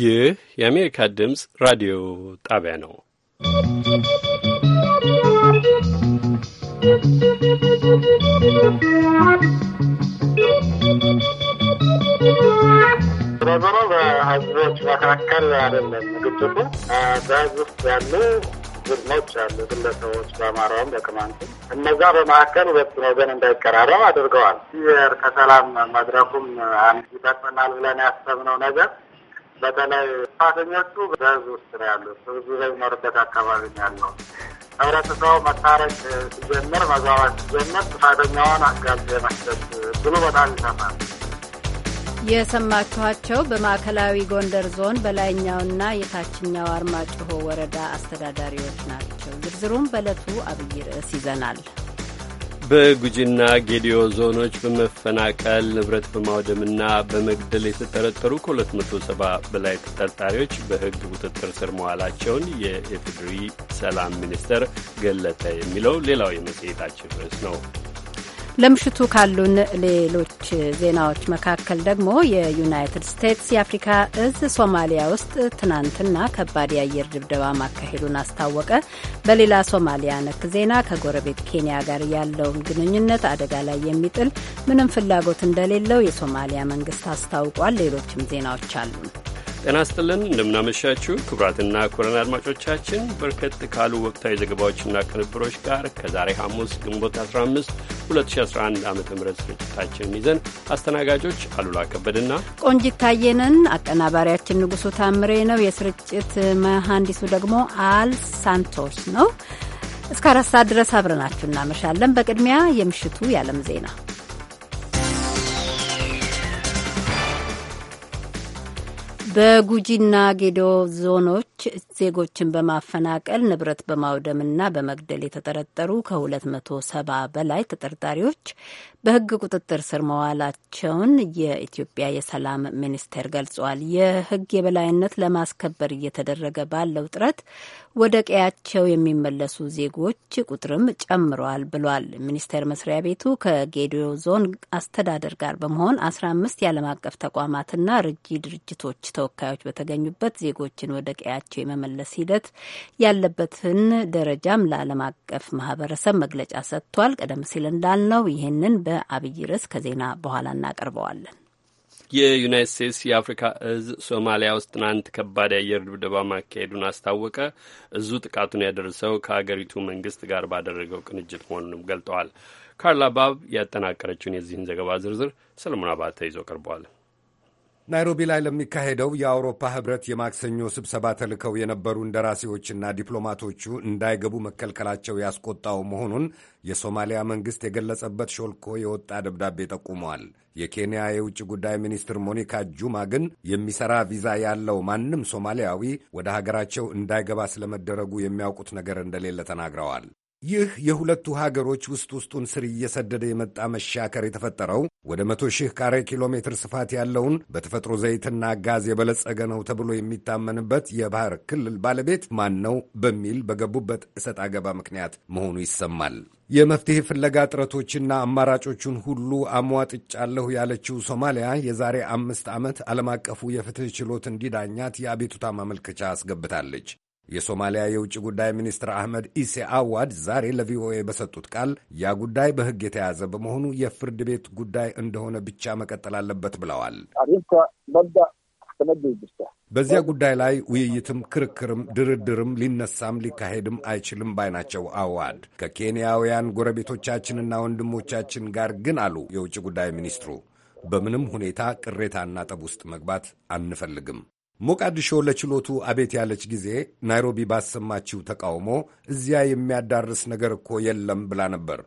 ይህ የአሜሪካ ድምፅ ራዲዮ ጣቢያ ነው። ነገሩ በህዝቦች መካከል አይደለም ግጭቱ በህዝብ ውስጥ ያሉ ቡድኖች አሉ፣ ግለሰቦች በአማራውም በቅማንት እነዛ በመካከል ሁለቱን ወገን እንዳይቀራረብ አድርገዋል። ይህ ከሰላም መድረኩም አንድ ይጠቅመናል ብለን ያሰብነው ነገር በተለይ ጥፋተኞቹ በህዝብ ውስጥ ነው ያሉት። ህዝቡ በሚኖርበት አካባቢ ነው ያለው። ህብረተሰቡ መታረቅ ሲጀምር፣ መግባባት ሲጀምር ጥፋተኛውን አጋዜ የመስጠት ብሎ በጣም ይሰፋል። የሰማችኋቸው በማዕከላዊ ጎንደር ዞን በላይኛውና የታችኛው አርማጭሆ ወረዳ አስተዳዳሪዎች ናቸው። ዝርዝሩም በዕለቱ አብይ ርዕስ ይዘናል። በጉጂና ጌዲዮ ዞኖች በመፈናቀል ንብረት በማውደምና በመግደል የተጠረጠሩ ከ270 በላይ ተጠርጣሪዎች በሕግ ቁጥጥር ስር መዋላቸውን የኢፌዴሪ ሰላም ሚኒስቴር ገለጠ የሚለው ሌላው የመጽሔታችን ርዕስ ነው። ለምሽቱ ካሉን ሌሎች ዜናዎች መካከል ደግሞ የዩናይትድ ስቴትስ የአፍሪካ እዝ ሶማሊያ ውስጥ ትናንትና ከባድ የአየር ድብደባ ማካሄዱን አስታወቀ። በሌላ ሶማሊያ ነክ ዜና ከጎረቤት ኬንያ ጋር ያለውን ግንኙነት አደጋ ላይ የሚጥል ምንም ፍላጎት እንደሌለው የሶማሊያ መንግስት አስታውቋል። ሌሎችም ዜናዎች አሉን። ጤና ስጥልን እንደምናመሻችሁ ክቡራትና ክቡራን አድማጮቻችን በርከት ካሉ ወቅታዊ ዘገባዎችና ቅንብሮች ጋር ከዛሬ ሐሙስ ግንቦት 15 2011 ዓ ም ስርጭታችንን ይዘን አስተናጋጆች አሉላ ከበድና ቆንጂት ታየንን፣ አቀናባሪያችን ንጉሱ ታምሬ ነው። የስርጭት መሐንዲሱ ደግሞ አል ሳንቶስ ነው። እስከ አራት ሰዓት ድረስ አብረናችሁ እናመሻለን። በቅድሚያ የምሽቱ የዓለም ዜና በጉጂና ጌዶ ዞኖች ዜጎችን በማፈናቀል ንብረት በማውደምና በመግደል የተጠረጠሩ ከ270 በላይ ተጠርጣሪዎች በሕግ ቁጥጥር ስር መዋላቸውን የኢትዮጵያ የሰላም ሚኒስቴር ገልጿል። የሕግ የበላይነት ለማስከበር እየተደረገ ባለው ጥረት ወደ ቀያቸው የሚመለሱ ዜጎች ቁጥርም ጨምረዋል ብሏል። ሚኒስቴር መስሪያ ቤቱ ከጌዲዮ ዞን አስተዳደር ጋር በመሆን 15 የዓለም አቀፍ ተቋማትና ርጂ ድርጅቶች ተወካዮች በተገኙበት ዜጎችን ወደ ቀያቸው የመመለስ ሂደት ያለበትን ደረጃም ለዓለም አቀፍ ማህበረሰብ መግለጫ ሰጥቷል። ቀደም ሲል እንዳልነው ይህንን በአብይ ርዕስ ከዜና በኋላ እናቀርበዋለን። የዩናይት ስቴትስ የአፍሪካ እዝ ሶማሊያ ውስጥ ትናንት ከባድ የአየር ድብደባ ማካሄዱን አስታወቀ። እዙ ጥቃቱን ያደረሰው ከአገሪቱ መንግስት ጋር ባደረገው ቅንጅት መሆኑንም ገልጠዋል። ካርላ ባብ ያጠናቀረችውን የዚህን ዘገባ ዝርዝር ሰለሞን አባተ ይዞ ቀርበዋል። ናይሮቢ ላይ ለሚካሄደው የአውሮፓ ህብረት የማክሰኞ ስብሰባ ተልከው የነበሩ እንደራሴዎችና ዲፕሎማቶቹ እንዳይገቡ መከልከላቸው ያስቆጣው መሆኑን የሶማሊያ መንግሥት የገለጸበት ሾልኮ የወጣ ደብዳቤ ጠቁመዋል። የኬንያ የውጭ ጉዳይ ሚኒስትር ሞኒካ ጁማ ግን የሚሰራ ቪዛ ያለው ማንም ሶማሊያዊ ወደ ሀገራቸው እንዳይገባ ስለመደረጉ የሚያውቁት ነገር እንደሌለ ተናግረዋል። ይህ የሁለቱ ሀገሮች ውስጥ ውስጡን ስር እየሰደደ የመጣ መሻከር የተፈጠረው ወደ መቶ ሺህ ካሬ ኪሎ ሜትር ስፋት ያለውን በተፈጥሮ ዘይትና ጋዝ የበለጸገ ነው ተብሎ የሚታመንበት የባህር ክልል ባለቤት ማን ነው በሚል በገቡበት እሰጥ አገባ ምክንያት መሆኑ ይሰማል። የመፍትሄ ፍለጋ ጥረቶችና አማራጮቹን ሁሉ አሟጥጫለሁ ያለችው ሶማሊያ የዛሬ አምስት ዓመት ዓለም አቀፉ የፍትህ ችሎት እንዲዳኛት የአቤቱታ ማመልከቻ አስገብታለች። የሶማሊያ የውጭ ጉዳይ ሚኒስትር አህመድ ኢሴ አዋድ ዛሬ ለቪኦኤ በሰጡት ቃል ያ ጉዳይ በሕግ የተያዘ በመሆኑ የፍርድ ቤት ጉዳይ እንደሆነ ብቻ መቀጠል አለበት ብለዋል። በዚያ ጉዳይ ላይ ውይይትም ክርክርም ድርድርም ሊነሳም ሊካሄድም አይችልም ባይ ናቸው አዋድ። ከኬንያውያን ጎረቤቶቻችንና ወንድሞቻችን ጋር ግን አሉ የውጭ ጉዳይ ሚኒስትሩ በምንም ሁኔታ ቅሬታና ጠብ ውስጥ መግባት አንፈልግም። ሞቃዲሾ ለችሎቱ አቤት ያለች ጊዜ ናይሮቢ ባሰማችው ተቃውሞ እዚያ የሚያዳርስ ነገር እኮ የለም ብላ ነበር።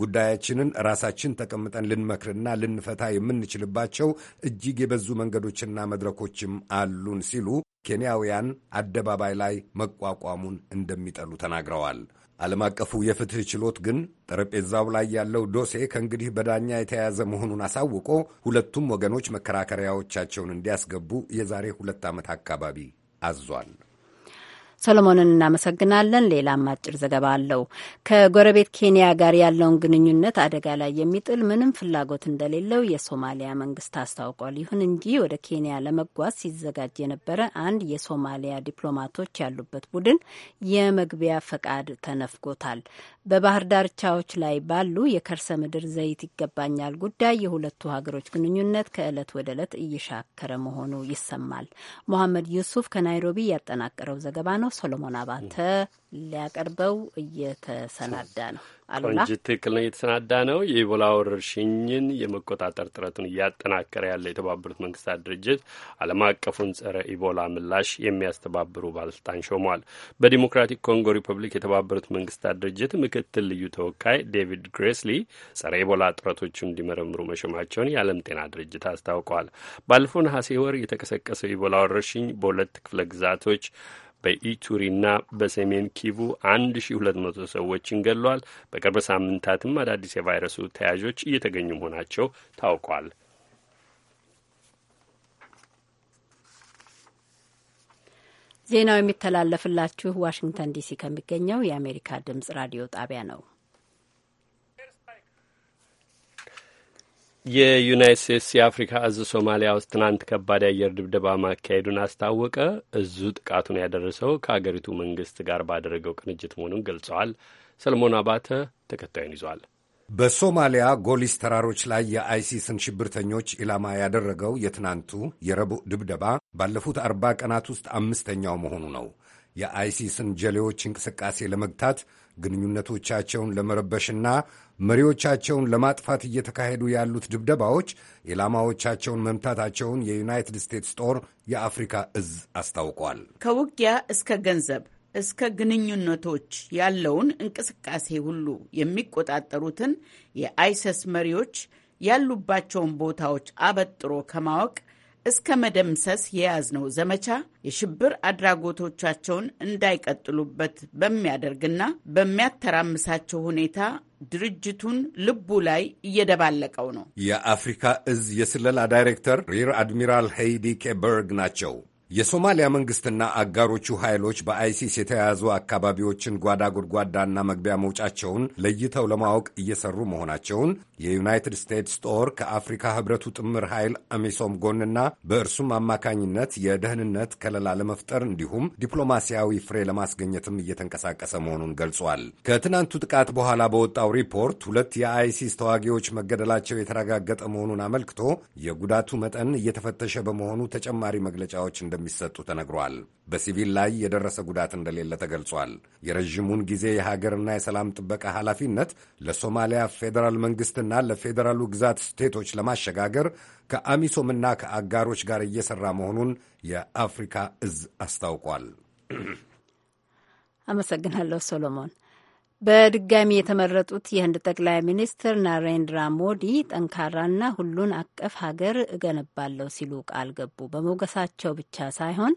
ጉዳያችንን ራሳችን ተቀምጠን ልንመክርና ልንፈታ የምንችልባቸው እጅግ የበዙ መንገዶችና መድረኮችም አሉን ሲሉ ኬንያውያን አደባባይ ላይ መቋቋሙን እንደሚጠሉ ተናግረዋል። ዓለም አቀፉ የፍትህ ችሎት ግን ጠረጴዛው ላይ ያለው ዶሴ ከእንግዲህ በዳኛ የተያያዘ መሆኑን አሳውቆ ሁለቱም ወገኖች መከራከሪያዎቻቸውን እንዲያስገቡ የዛሬ ሁለት ዓመት አካባቢ አዟል። ሰሎሞንን እናመሰግናለን። ሌላም አጭር ዘገባ አለው። ከጎረቤት ኬንያ ጋር ያለውን ግንኙነት አደጋ ላይ የሚጥል ምንም ፍላጎት እንደሌለው የሶማሊያ መንግስት አስታውቋል። ይሁን እንጂ ወደ ኬንያ ለመጓዝ ሲዘጋጅ የነበረ አንድ የሶማሊያ ዲፕሎማቶች ያሉበት ቡድን የመግቢያ ፈቃድ ተነፍጎታል። በባህር ዳርቻዎች ላይ ባሉ የከርሰ ምድር ዘይት ይገባኛል ጉዳይ የሁለቱ ሀገሮች ግንኙነት ከእለት ወደ ዕለት እየሻከረ መሆኑ ይሰማል። ሞሐመድ ዩሱፍ ከናይሮቢ ያጠናቀረው ዘገባ ነው። ሶሎሞን አባተ ሊያቀርበው እየተሰናዳ ነው። አሉላ ትክክል ነው የተሰናዳ ነው። የኢቦላ ወረርሽኝን የመቆጣጠር ጥረቱን እያጠናከረ ያለ የተባበሩት መንግስታት ድርጅት ዓለም አቀፉን ጸረ ኢቦላ ምላሽ የሚያስተባብሩ ባለስልጣን ሾሟል። በዲሞክራቲክ ኮንጎ ሪፐብሊክ የተባበሩት መንግስታት ድርጅት ምክትል ልዩ ተወካይ ዴቪድ ግሬስሊ ጸረ ኢቦላ ጥረቶቹን እንዲመረምሩ መሾማቸውን የዓለም ጤና ድርጅት አስታውቋል። ባለፈው ነሐሴ ወር የተቀሰቀሰው ኢቦላ ወረርሽኝ በሁለት ክፍለ ግዛቶች በኢቱሪና በሰሜን ኪቡ 1200 ሰዎችን ገድሏል። በቅርብ ሳምንታትም አዳዲስ የቫይረሱ ተያዦች እየተገኙ መሆናቸው ታውቋል። ዜናው የሚተላለፍላችሁ ዋሽንግተን ዲሲ ከሚገኘው የአሜሪካ ድምጽ ራዲዮ ጣቢያ ነው። የዩናይት ስቴትስ የአፍሪካ እዝ ሶማሊያ ውስጥ ትናንት ከባድ የአየር ድብደባ ማካሄዱን አስታወቀ። እዙ ጥቃቱን ያደረሰው ከአገሪቱ መንግስት ጋር ባደረገው ቅንጅት መሆኑን ገልጸዋል። ሰለሞን አባተ ተከታዩን ይዟል። በሶማሊያ ጎሊስ ተራሮች ላይ የአይሲስን ሽብርተኞች ኢላማ ያደረገው የትናንቱ የረቡዕ ድብደባ ባለፉት አርባ ቀናት ውስጥ አምስተኛው መሆኑ ነው። የአይሲስን ጀሌዎች እንቅስቃሴ ለመግታት ግንኙነቶቻቸውን ለመረበሽና መሪዎቻቸውን ለማጥፋት እየተካሄዱ ያሉት ድብደባዎች ኢላማዎቻቸውን መምታታቸውን የዩናይትድ ስቴትስ ጦር የአፍሪካ እዝ አስታውቋል። ከውጊያ እስከ ገንዘብ እስከ ግንኙነቶች ያለውን እንቅስቃሴ ሁሉ የሚቆጣጠሩትን የአይሰስ መሪዎች ያሉባቸውን ቦታዎች አበጥሮ ከማወቅ እስከ መደምሰስ የያዝነው ዘመቻ የሽብር አድራጎቶቻቸውን እንዳይቀጥሉበት በሚያደርግና በሚያተራምሳቸው ሁኔታ ድርጅቱን ልቡ ላይ እየደባለቀው ነው። የአፍሪካ እዝ የስለላ ዳይሬክተር ሪር አድሚራል ሄይዲ ኬበርግ ናቸው። የሶማሊያ መንግስትና አጋሮቹ ኃይሎች በአይሲስ የተያያዙ አካባቢዎችን ጓዳ ጎድጓዳና መግቢያ መውጫቸውን ለይተው ለማወቅ እየሰሩ መሆናቸውን የዩናይትድ ስቴትስ ጦር ከአፍሪካ ህብረቱ ጥምር ኃይል አሚሶም ጎንና በእርሱም አማካኝነት የደህንነት ከለላ ለመፍጠር እንዲሁም ዲፕሎማሲያዊ ፍሬ ለማስገኘትም እየተንቀሳቀሰ መሆኑን ገልጿል። ከትናንቱ ጥቃት በኋላ በወጣው ሪፖርት ሁለት የአይሲስ ተዋጊዎች መገደላቸው የተረጋገጠ መሆኑን አመልክቶ የጉዳቱ መጠን እየተፈተሸ በመሆኑ ተጨማሪ መግለጫዎች እንደ እንደሚሰጡ ተነግሯል። በሲቪል ላይ የደረሰ ጉዳት እንደሌለ ተገልጿል። የረዥሙን ጊዜ የሀገርና የሰላም ጥበቃ ኃላፊነት ለሶማሊያ ፌዴራል መንግስትና ለፌዴራሉ ግዛት ስቴቶች ለማሸጋገር ከአሚሶምና ከአጋሮች ጋር እየሰራ መሆኑን የአፍሪካ እዝ አስታውቋል። አመሰግናለሁ ሶሎሞን። በድጋሚ የተመረጡት የህንድ ጠቅላይ ሚኒስትር ናሬንድራ ሞዲ ጠንካራና ሁሉን አቀፍ ሀገር እገነባለሁ ሲሉ ቃል ገቡ። በሞገሳቸው ብቻ ሳይሆን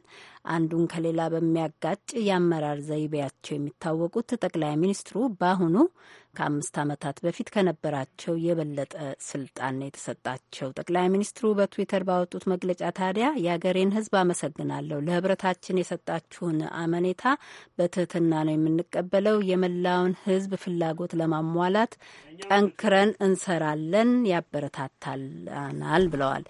አንዱን ከሌላ በሚያጋጭ የአመራር ዘይቤያቸው የሚታወቁት ጠቅላይ ሚኒስትሩ በአሁኑ ከአምስት ዓመታት በፊት ከነበራቸው የበለጠ ስልጣን ነው የተሰጣቸው። ጠቅላይ ሚኒስትሩ በትዊተር ባወጡት መግለጫ ታዲያ የአገሬን ሕዝብ አመሰግናለሁ፣ ለህብረታችን የሰጣችሁን አመኔታ በትህትና ነው የምንቀበለው። የመላውን ሕዝብ ፍላጎት ለማሟላት ጠንክረን እንሰራለን፣ ያበረታታናል ብለዋል።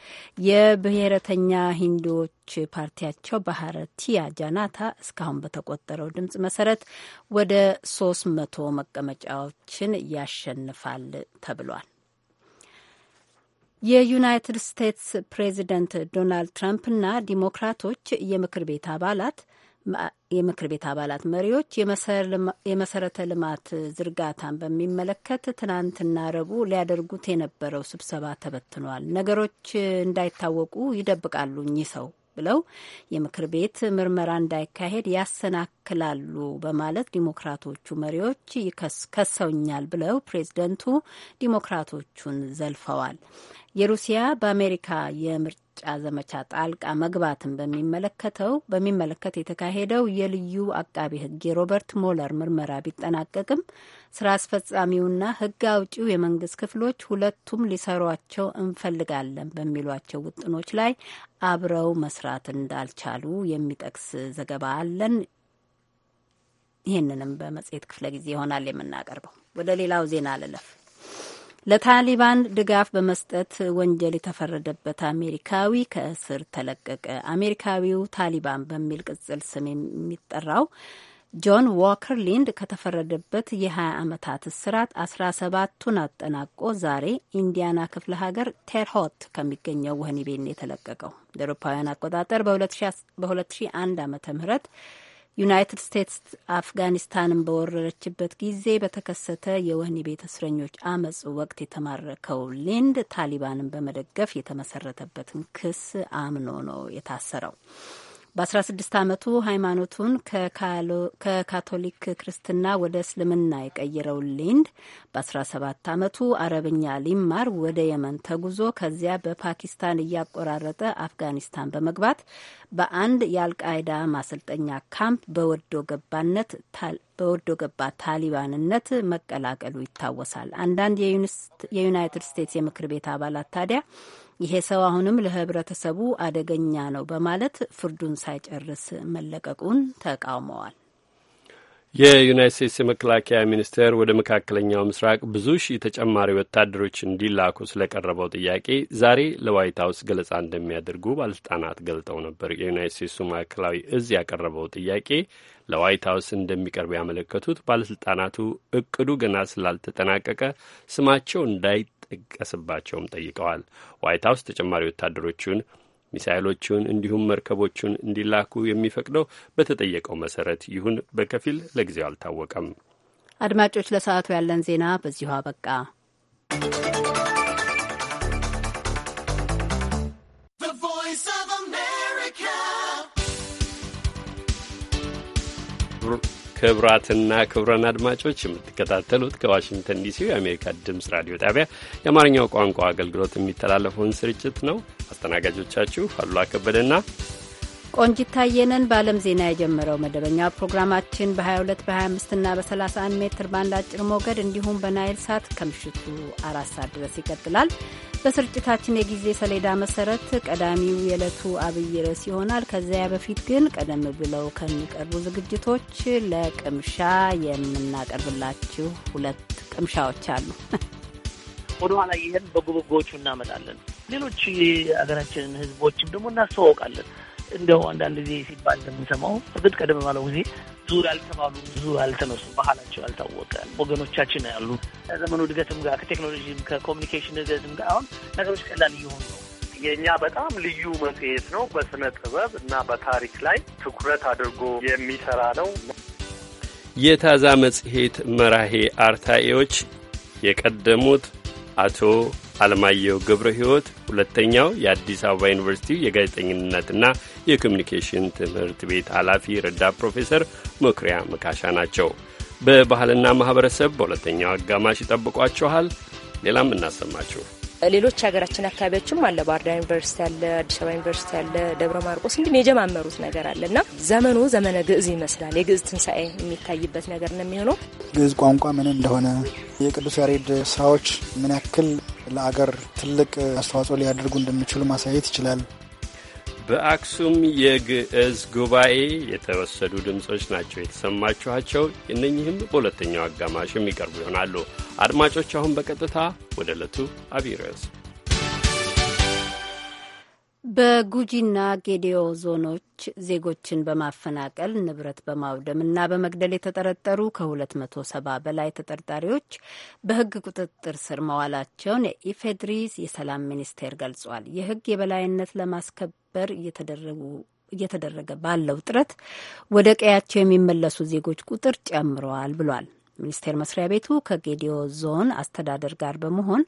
የብሔረተኛ ሂንዶዎች ፓርቲያቸው ባህረ ቲያ ጃናታ እስካሁን በተቆጠረው ድምፅ መሰረት ወደ ሶስት መቶ መቀመጫዎችን ያሸንፋል ተብሏል። የዩናይትድ ስቴትስ ፕሬዚደንት ዶናልድ ትራምፕ እና ዲሞክራቶች የምክር ቤት አባላት የምክር ቤት አባላት መሪዎች የመሰረተ ልማት ዝርጋታን በሚመለከት ትናንትና ረቡዕ ሊያደርጉት የነበረው ስብሰባ ተበትኗል። ነገሮች እንዳይታወቁ ይደብቃሉ እኚህ ሰው ብለው የምክር ቤት ምርመራ እንዳይካሄድ ያሰናክላል ያክላሉ በማለት ዲሞክራቶቹ መሪዎች ከሰውኛል ብለው ፕሬዝደንቱ ዲሞክራቶቹን ዘልፈዋል። የሩሲያ በአሜሪካ የምርጫ ዘመቻ ጣልቃ መግባትን በሚመለከተው በሚመለከት የተካሄደው የልዩ አቃቢ ሕግ የሮበርት ሞለር ምርመራ ቢጠናቀቅም ስራ አስፈጻሚውና ሕግ አውጪው የመንግስት ክፍሎች ሁለቱም ሊሰሯቸው እንፈልጋለን በሚሏቸው ውጥኖች ላይ አብረው መስራት እንዳልቻሉ የሚጠቅስ ዘገባ አለን። ይህንንም በመጽሔት ክፍለ ጊዜ ይሆናል የምናቀርበው። ወደ ሌላው ዜና ልለፍ። ለታሊባን ድጋፍ በመስጠት ወንጀል የተፈረደበት አሜሪካዊ ከእስር ተለቀቀ። አሜሪካዊው ታሊባን በሚል ቅጽል ስም የሚጠራው ጆን ዋከር ሊንድ ከተፈረደበት የ20 ዓመታት እስራት 17ቱን አጠናቆ ዛሬ ኢንዲያና ክፍለ ሀገር ቴርሆት ከሚገኘው ወህኒ ቤት የተለቀቀው እንደ አውሮፓውያን አቆጣጠር በ2001 ዓ ም ዩናይትድ ስቴትስ አፍጋኒስታንን በወረረችበት ጊዜ በተከሰተ የወህኒ ቤት እስረኞች አመጽ ወቅት የተማረከው ሊንድ ታሊባንን በመደገፍ የተመሰረተበትን ክስ አምኖ ነው የታሰረው። በ16 ዓመቱ ሃይማኖቱን ከካቶሊክ ክርስትና ወደ እስልምና የቀየረው ሊንድ በ17 ዓመቱ አረብኛ ሊማር ወደ የመን ተጉዞ ከዚያ በፓኪስታን እያቆራረጠ አፍጋኒስታን በመግባት በአንድ የአልቃይዳ ማሰልጠኛ ካምፕ በወዶ ገባነት በወዶ ገባ ታሊባንነት መቀላቀሉ ይታወሳል። አንዳንድ የዩናይትድ ስቴትስ የምክር ቤት አባላት ታዲያ ይሄ ሰው አሁንም ለህብረተሰቡ አደገኛ ነው በማለት ፍርዱን ሳይጨርስ መለቀቁን ተቃውመዋል። የዩናይት ስቴትስ የመከላከያ ሚኒስቴር ወደ መካከለኛው ምስራቅ ብዙ ሺህ ተጨማሪ ወታደሮች እንዲላኩ ስለቀረበው ጥያቄ ዛሬ ለዋይት ሀውስ ገለጻ እንደሚያደርጉ ባለስልጣናት ገልጠው ነበር። የዩናይት ስቴትሱ ማዕከላዊ እዝ ያቀረበው ጥያቄ ለዋይት ሀውስ እንደሚቀርብ ያመለከቱት ባለስልጣናቱ እቅዱ ገና ስላልተጠናቀቀ ስማቸው እንዳይጠቀስባቸውም ጠይቀዋል። ዋይት ሀውስ ተጨማሪ ወታደሮቹን ሚሳይሎቹን እንዲሁም መርከቦቹን እንዲላኩ የሚፈቅደው በተጠየቀው መሰረት ይሁን በከፊል ለጊዜው አልታወቀም። አድማጮች፣ ለሰዓቱ ያለን ዜና በዚሁ አበቃ። ክቡራትና ክቡራን አድማጮች የምትከታተሉት ከዋሽንግተን ዲሲ የአሜሪካ ድምፅ ራዲዮ ጣቢያ የአማርኛው ቋንቋ አገልግሎት የሚተላለፈውን ስርጭት ነው። አስተናጋጆቻችሁ አሉላ ከበደና ቆንጂት ታየነን በዓለም ዜና የጀመረው መደበኛ ፕሮግራማችን በ22 በ25ና በ31 ሜትር ባንድ አጭር ሞገድ እንዲሁም በናይል ሳት ከምሽቱ አራት ሰዓት ድረስ ይቀጥላል። በስርጭታችን የጊዜ ሰሌዳ መሰረት ቀዳሚው የዕለቱ አብይ ርዕስ ይሆናል። ከዚያ በፊት ግን ቀደም ብለው ከሚቀርቡ ዝግጅቶች ለቅምሻ የምናቀርብላችሁ ሁለት ቅምሻዎች አሉ። ወደኋላ ይህን በጉብጎቹ እናመጣለን። ሌሎች የሀገራችንን ህዝቦችም ደግሞ እናስተዋውቃለን። እንደው አንዳንድ ጊዜ ሲባል እንደምንሰማው እርግጥ ቀደም ባለው ጊዜ ብዙ ያልተባሉ ብዙ ያልተነሱ ባህላቸው ያልታወቀ ወገኖቻችን ያሉ ከዘመኑ እድገትም ጋር ከቴክኖሎጂም ከኮሚኒኬሽን እድገትም ጋር አሁን ነገሮች ቀላል እየሆኑ ነው። የእኛ በጣም ልዩ መጽሔት ነው። በስነ ጥበብ እና በታሪክ ላይ ትኩረት አድርጎ የሚሰራ ነው። የታዛ መጽሔት መራሄ አርታኤዎች የቀደሙት አቶ አለማየሁ ገብረ ሕይወት ሁለተኛው የአዲስ አበባ ዩኒቨርሲቲ የጋዜጠኝነትና የኮሚኒኬሽን ትምህርት ቤት ኃላፊ ረዳት ፕሮፌሰር መኩሪያ መካሻ ናቸው። በባህልና ማኅበረሰብ በሁለተኛው አጋማሽ ይጠብቋችኋል። ሌላም እናሰማችሁ። ሌሎች ሀገራችን አካባቢዎችም አለ። ባህርዳር ዩኒቨርሲቲ አለ፣ አዲስ አበባ ዩኒቨርሲቲ አለ፣ ደብረ ማርቆስ እንዲህ የጀማመሩት ነገር አለ እና ዘመኑ ዘመነ ግዕዝ ይመስላል። የግዕዝ ትንሣኤ የሚታይበት ነገር ነው የሚሆነው። ግዕዝ ቋንቋ ምን እንደሆነ የቅዱስ ያሬድ ስራዎች ምን ያክል ለአገር ትልቅ አስተዋጽኦ ሊያደርጉ እንደሚችሉ ማሳየት ይችላል። በአክሱም የግዕዝ ጉባኤ የተወሰዱ ድምፆች ናቸው የተሰማችኋቸው። እነኚህም በሁለተኛው አጋማሽ የሚቀርቡ ይሆናሉ። አድማጮች፣ አሁን በቀጥታ ወደ ዕለቱ አብይ ርዕስ በጉጂና ጌዲዮ ዞኖች ዜጎችን በማፈናቀል ንብረት በማውደም እና በመግደል የተጠረጠሩ ከ270 በላይ ተጠርጣሪዎች በሕግ ቁጥጥር ስር መዋላቸውን የኢፌድሪዝ የሰላም ሚኒስቴር ገልጿል። የሕግ የበላይነት ለማስከበር እየተደረጉ እየተደረገ ባለው ጥረት ወደ ቀያቸው የሚመለሱ ዜጎች ቁጥር ጨምረዋል ብሏል። ሚኒስቴር መስሪያ ቤቱ ከጌዲዮ ዞን አስተዳደር ጋር በመሆን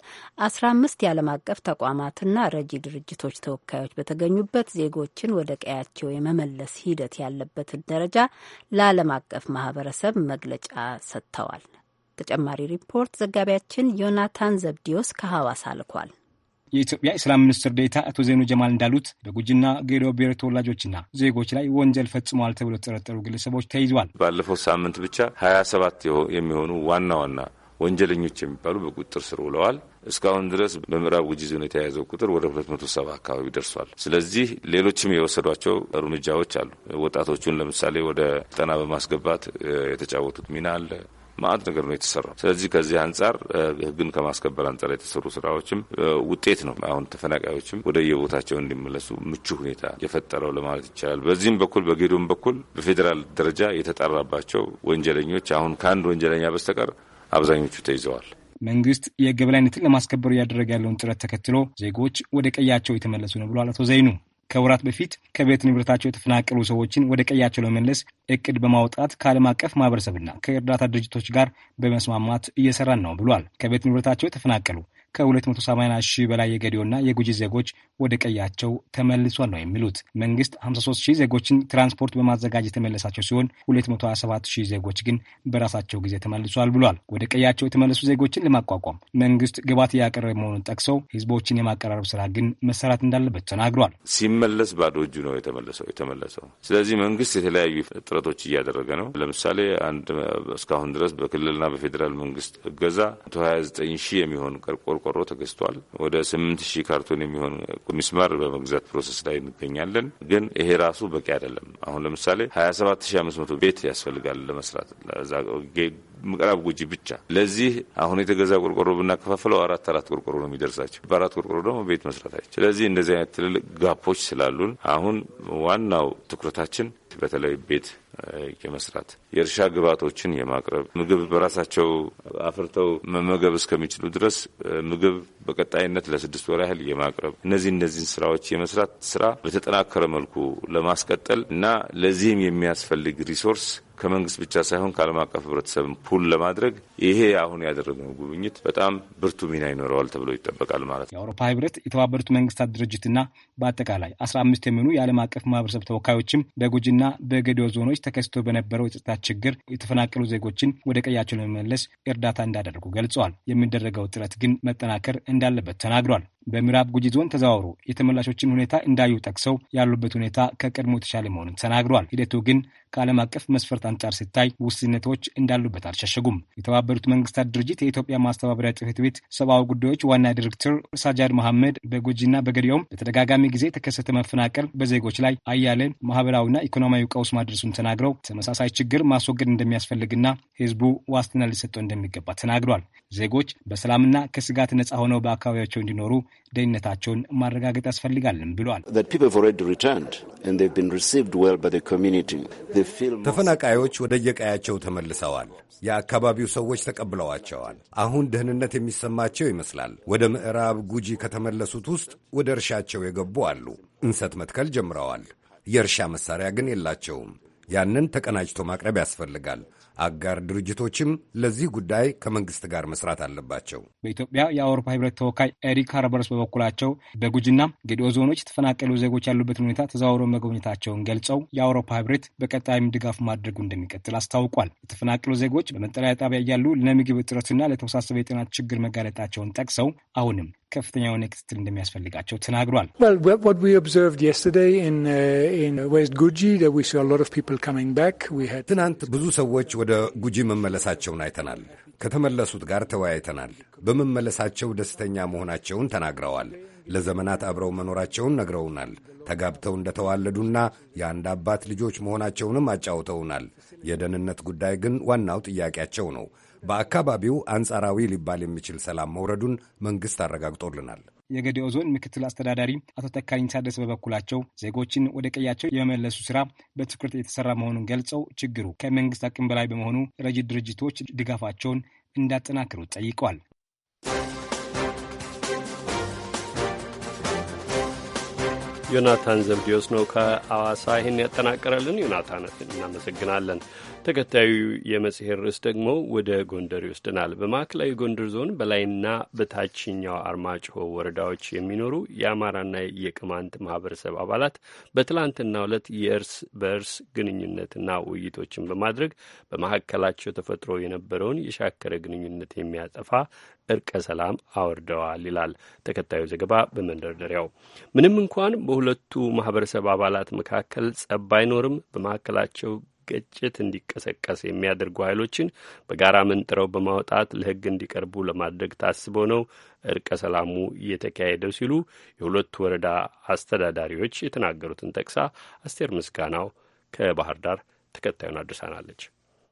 አስራ አምስት የዓለም አቀፍ ተቋማትና ረጂ ድርጅቶች ተወካዮች በተገኙበት ዜጎችን ወደ ቀያቸው የመመለስ ሂደት ያለበትን ደረጃ ለዓለም አቀፍ ማህበረሰብ መግለጫ ሰጥተዋል። ተጨማሪ ሪፖርት ዘጋቢያችን ዮናታን ዘብዲዮስ ከሐዋሳ ልኳል። የኢትዮጵያ የሰላም ሚኒስትር ዴታ አቶ ዜኑ ጀማል እንዳሉት በጉጂና ጌዶ ብሔር ተወላጆችና ዜጎች ላይ ወንጀል ፈጽመዋል ተብሎ የተጠረጠሩ ግለሰቦች ተይዟል። ባለፈው ሳምንት ብቻ ሀያ ሰባት የሚሆኑ ዋና ዋና ወንጀለኞች የሚባሉ በቁጥጥር ስር ውለዋል። እስካሁን ድረስ በምዕራብ ጉጂ ዞን የተያዘው ቁጥር ወደ ሁለት መቶ ሰባ አካባቢ ደርሷል። ስለዚህ ሌሎችም የወሰዷቸው እርምጃዎች አሉ። ወጣቶቹን ለምሳሌ ወደ ጠና በማስገባት የተጫወቱት ሚና አለ። ማአት ነገር ነው የተሰራው። ስለዚህ ከዚህ አንጻር ህግን ከማስከበር አንጻር የተሰሩ ስራዎችም ውጤት ነው። አሁን ተፈናቃዮችም ወደ የቦታቸው እንዲመለሱ ምቹ ሁኔታ የፈጠረው ለማለት ይቻላል። በዚህም በኩል በጌዶም በኩል በፌዴራል ደረጃ የተጣራባቸው ወንጀለኞች አሁን ከአንድ ወንጀለኛ በስተቀር አብዛኞቹ ተይዘዋል። መንግስት የህግ ለማስከበር እያደረገ ያለውን ጥረት ተከትሎ ዜጎች ወደ ቀያቸው የተመለሱ ነው ብሏል አቶ ዘይኑ። ከወራት በፊት ከቤት ንብረታቸው የተፈናቀሉ ሰዎችን ወደ ቀያቸው ለመመለስ እቅድ በማውጣት ከዓለም አቀፍ ማህበረሰብና ከእርዳታ ድርጅቶች ጋር በመስማማት እየሰራን ነው ብሏል። ከቤት ንብረታቸው የተፈናቀሉ ከ280 ሺህ በላይ የገዲዮና የጉጂ ዜጎች ወደ ቀያቸው ተመልሷል ነው የሚሉት። መንግስት 53 ሺህ ዜጎችን ትራንስፖርት በማዘጋጀት የተመለሳቸው ሲሆን 227 ሺህ ዜጎች ግን በራሳቸው ጊዜ ተመልሷል ብሏል። ወደ ቀያቸው የተመለሱ ዜጎችን ለማቋቋም መንግስት ግባት እያቀረበ መሆኑን ጠቅሰው ህዝቦችን የማቀራረብ ስራ ግን መሰራት እንዳለበት ተናግሯል። ሲመለስ ባዶ እጁ ነው የተመለሰው የተመለሰው። ስለዚህ መንግስት የተለያዩ ጥረቶች እያደረገ ነው። ለምሳሌ አንድ እስካሁን ድረስ በክልልና በፌዴራል መንግስት እገዛ 29 ሺህ የሚሆን ቆርቆ ቆርቆሮ ተገዝቷል። ወደ ስምንት ሺህ ካርቶን የሚሆን ሚስማር በመግዛት ፕሮሰስ ላይ እንገኛለን። ግን ይሄ ራሱ በቂ አይደለም። አሁን ለምሳሌ ሀያ ሰባት ሺህ አምስት መቶ ቤት ያስፈልጋል ለመስራት ምዕራብ ጉጂ ብቻ። ለዚህ አሁን የተገዛ ቆርቆሮ ብናከፋፍለው አራት አራት ቆርቆሮ ነው የሚደርሳቸው። በአራት ቆርቆሮ ደግሞ ቤት መስራት አይችል። ስለዚህ እንደዚህ አይነት ትልልቅ ጋፖች ስላሉን አሁን ዋናው ትኩረታችን በተለይ ቤት የመስራት የእርሻ ግብዓቶችን የማቅረብ ምግብ በራሳቸው አፍርተው መመገብ እስከሚችሉ ድረስ ምግብ በቀጣይነት ለስድስት ወር ያህል የማቅረብ እነዚህ እነዚህን ስራዎች የመስራት ስራ በተጠናከረ መልኩ ለማስቀጠል እና ለዚህም የሚያስፈልግ ሪሶርስ ከመንግስት ብቻ ሳይሆን ከዓለም አቀፍ ህብረተሰብ ፑል ለማድረግ ይሄ አሁን ያደረግነው ጉብኝት በጣም ብርቱ ሚና ይኖረዋል ተብሎ ይጠበቃል ማለት ነው። የአውሮፓ ህብረት፣ የተባበሩት መንግስታት ድርጅትና በአጠቃላይ አስራ አምስት የሚሆኑ የዓለም አቀፍ ማህበረሰብ ተወካዮችም በጉጂና በገዲዮ ዞኖች ተከስቶ በነበረው የጸጥታ ችግር የተፈናቀሉ ዜጎችን ወደ ቀያቸው ለመመለስ እርዳታ እንዳደረጉ ገልጸዋል። የሚደረገው ጥረት ግን መጠናከር እንዳለበት ተናግሯል። በምዕራብ ጉጂ ዞን ተዘዋውሮ የተመላሾችን ሁኔታ እንዳዩ ጠቅሰው ያሉበት ሁኔታ ከቀድሞ የተሻለ መሆኑን ተናግሯል። ሂደቱ ግን ከዓለም አቀፍ መስፈርት አንጻር ሲታይ ውስንነቶች እንዳሉበት አልሸሸጉም። የተባበሩት መንግስታት ድርጅት የኢትዮጵያ ማስተባበሪያ ጽሕፈት ቤት ሰብአዊ ጉዳዮች ዋና ዲሬክተር ሳጃድ መሐመድ በጉጂና በገዲኦም በተደጋጋሚ ጊዜ የተከሰተ መፈናቀል በዜጎች ላይ አያሌን ማህበራዊና ኢኮኖሚያዊ ቀውስ ማድረሱን ተናግረው ተመሳሳይ ችግር ማስወገድ እንደሚያስፈልግና ህዝቡ ዋስትና ሊሰጠው እንደሚገባ ተናግሯል። ዜጎች በሰላምና ከስጋት ነጻ ሆነው በአካባቢያቸው እንዲኖሩ ደህንነታቸውን ማረጋገጥ ያስፈልጋልን ብሏል። ተፈናቃዮች ወደ የቀያቸው ተመልሰዋል። የአካባቢው ሰዎች ተቀብለዋቸዋል። አሁን ደህንነት የሚሰማቸው ይመስላል። ወደ ምዕራብ ጉጂ ከተመለሱት ውስጥ ወደ እርሻቸው የገቡ አሉ። እንሰት መትከል ጀምረዋል። የእርሻ መሳሪያ ግን የላቸውም። ያንን ተቀናጅቶ ማቅረብ ያስፈልጋል። አጋር ድርጅቶችም ለዚህ ጉዳይ ከመንግስት ጋር መስራት አለባቸው። በኢትዮጵያ የአውሮፓ ህብረት ተወካይ ኤሪክ ሃርበርስ በበኩላቸው በጉጂና ጌዲኦ ዞኖች የተፈናቀሉ ዜጎች ያሉበትን ሁኔታ ተዘዋውረው መጎብኘታቸውን ገልጸው የአውሮፓ ህብረት በቀጣይም ድጋፍ ማድረጉ እንደሚቀጥል አስታውቋል። የተፈናቀሉ ዜጎች በመጠለያ ጣቢያ እያሉ ለምግብ እጥረትና ለተወሳሰበ የጤና ችግር መጋለጣቸውን ጠቅሰው አሁንም ከፍተኛውን ክትትል እንደሚያስፈልጋቸው ተናግሯል። uh, ትናንት ብዙ ሰዎች ወደ ጉጂ መመለሳቸውን አይተናል። ከተመለሱት ጋር ተወያይተናል። በመመለሳቸው ደስተኛ መሆናቸውን ተናግረዋል። ለዘመናት አብረው መኖራቸውን ነግረውናል። ተጋብተው እንደተዋለዱና የአንድ አባት ልጆች መሆናቸውንም አጫውተውናል። የደህንነት ጉዳይ ግን ዋናው ጥያቄያቸው ነው። በአካባቢው አንጻራዊ ሊባል የሚችል ሰላም መውረዱን መንግስት አረጋግጦልናል። የገዲኦ ዞን ምክትል አስተዳዳሪ አቶ ተካኝ ሳደስ በበኩላቸው ዜጎችን ወደ ቀያቸው የመመለሱ ስራ በትኩረት የተሰራ መሆኑን ገልጸው ችግሩ ከመንግስት አቅም በላይ በመሆኑ ረጂ ድርጅቶች ድጋፋቸውን እንዳጠናክሩ ጠይቀዋል። ዮናታን ዘብዲዮስ ነው ከአዋሳ ይህን ያጠናቀረልን። ዮናታን እናመሰግናለን። ተከታዩ የመጽሔር ርዕስ ደግሞ ወደ ጎንደር ይወስደናል። በማዕከላዊ ጎንደር ዞን በላይና በታችኛው አርማጭሆ ወረዳዎች የሚኖሩ የአማራና የቅማንት ማህበረሰብ አባላት በትላንትና ዕለት የእርስ በእርስ ግንኙነትና ውይይቶችን በማድረግ በመካከላቸው ተፈጥሮ የነበረውን የሻከረ ግንኙነት የሚያጠፋ እርቀ ሰላም አወርደዋል ይላል ተከታዩ ዘገባ በመንደርደሪያው። ምንም እንኳን በሁለቱ ማህበረሰብ አባላት መካከል ጸብ አይኖርም፣ በመካከላቸው ግጭት እንዲቀሰቀስ የሚያደርጉ ኃይሎችን በጋራ መንጥረው በማውጣት ለሕግ እንዲቀርቡ ለማድረግ ታስቦ ነው እርቀ ሰላሙ እየተካሄደው ሲሉ የሁለቱ ወረዳ አስተዳዳሪዎች የተናገሩትን ጠቅሳ አስቴር ምስጋናው ከባህር ዳር ተከታዩን አድርሳናለች።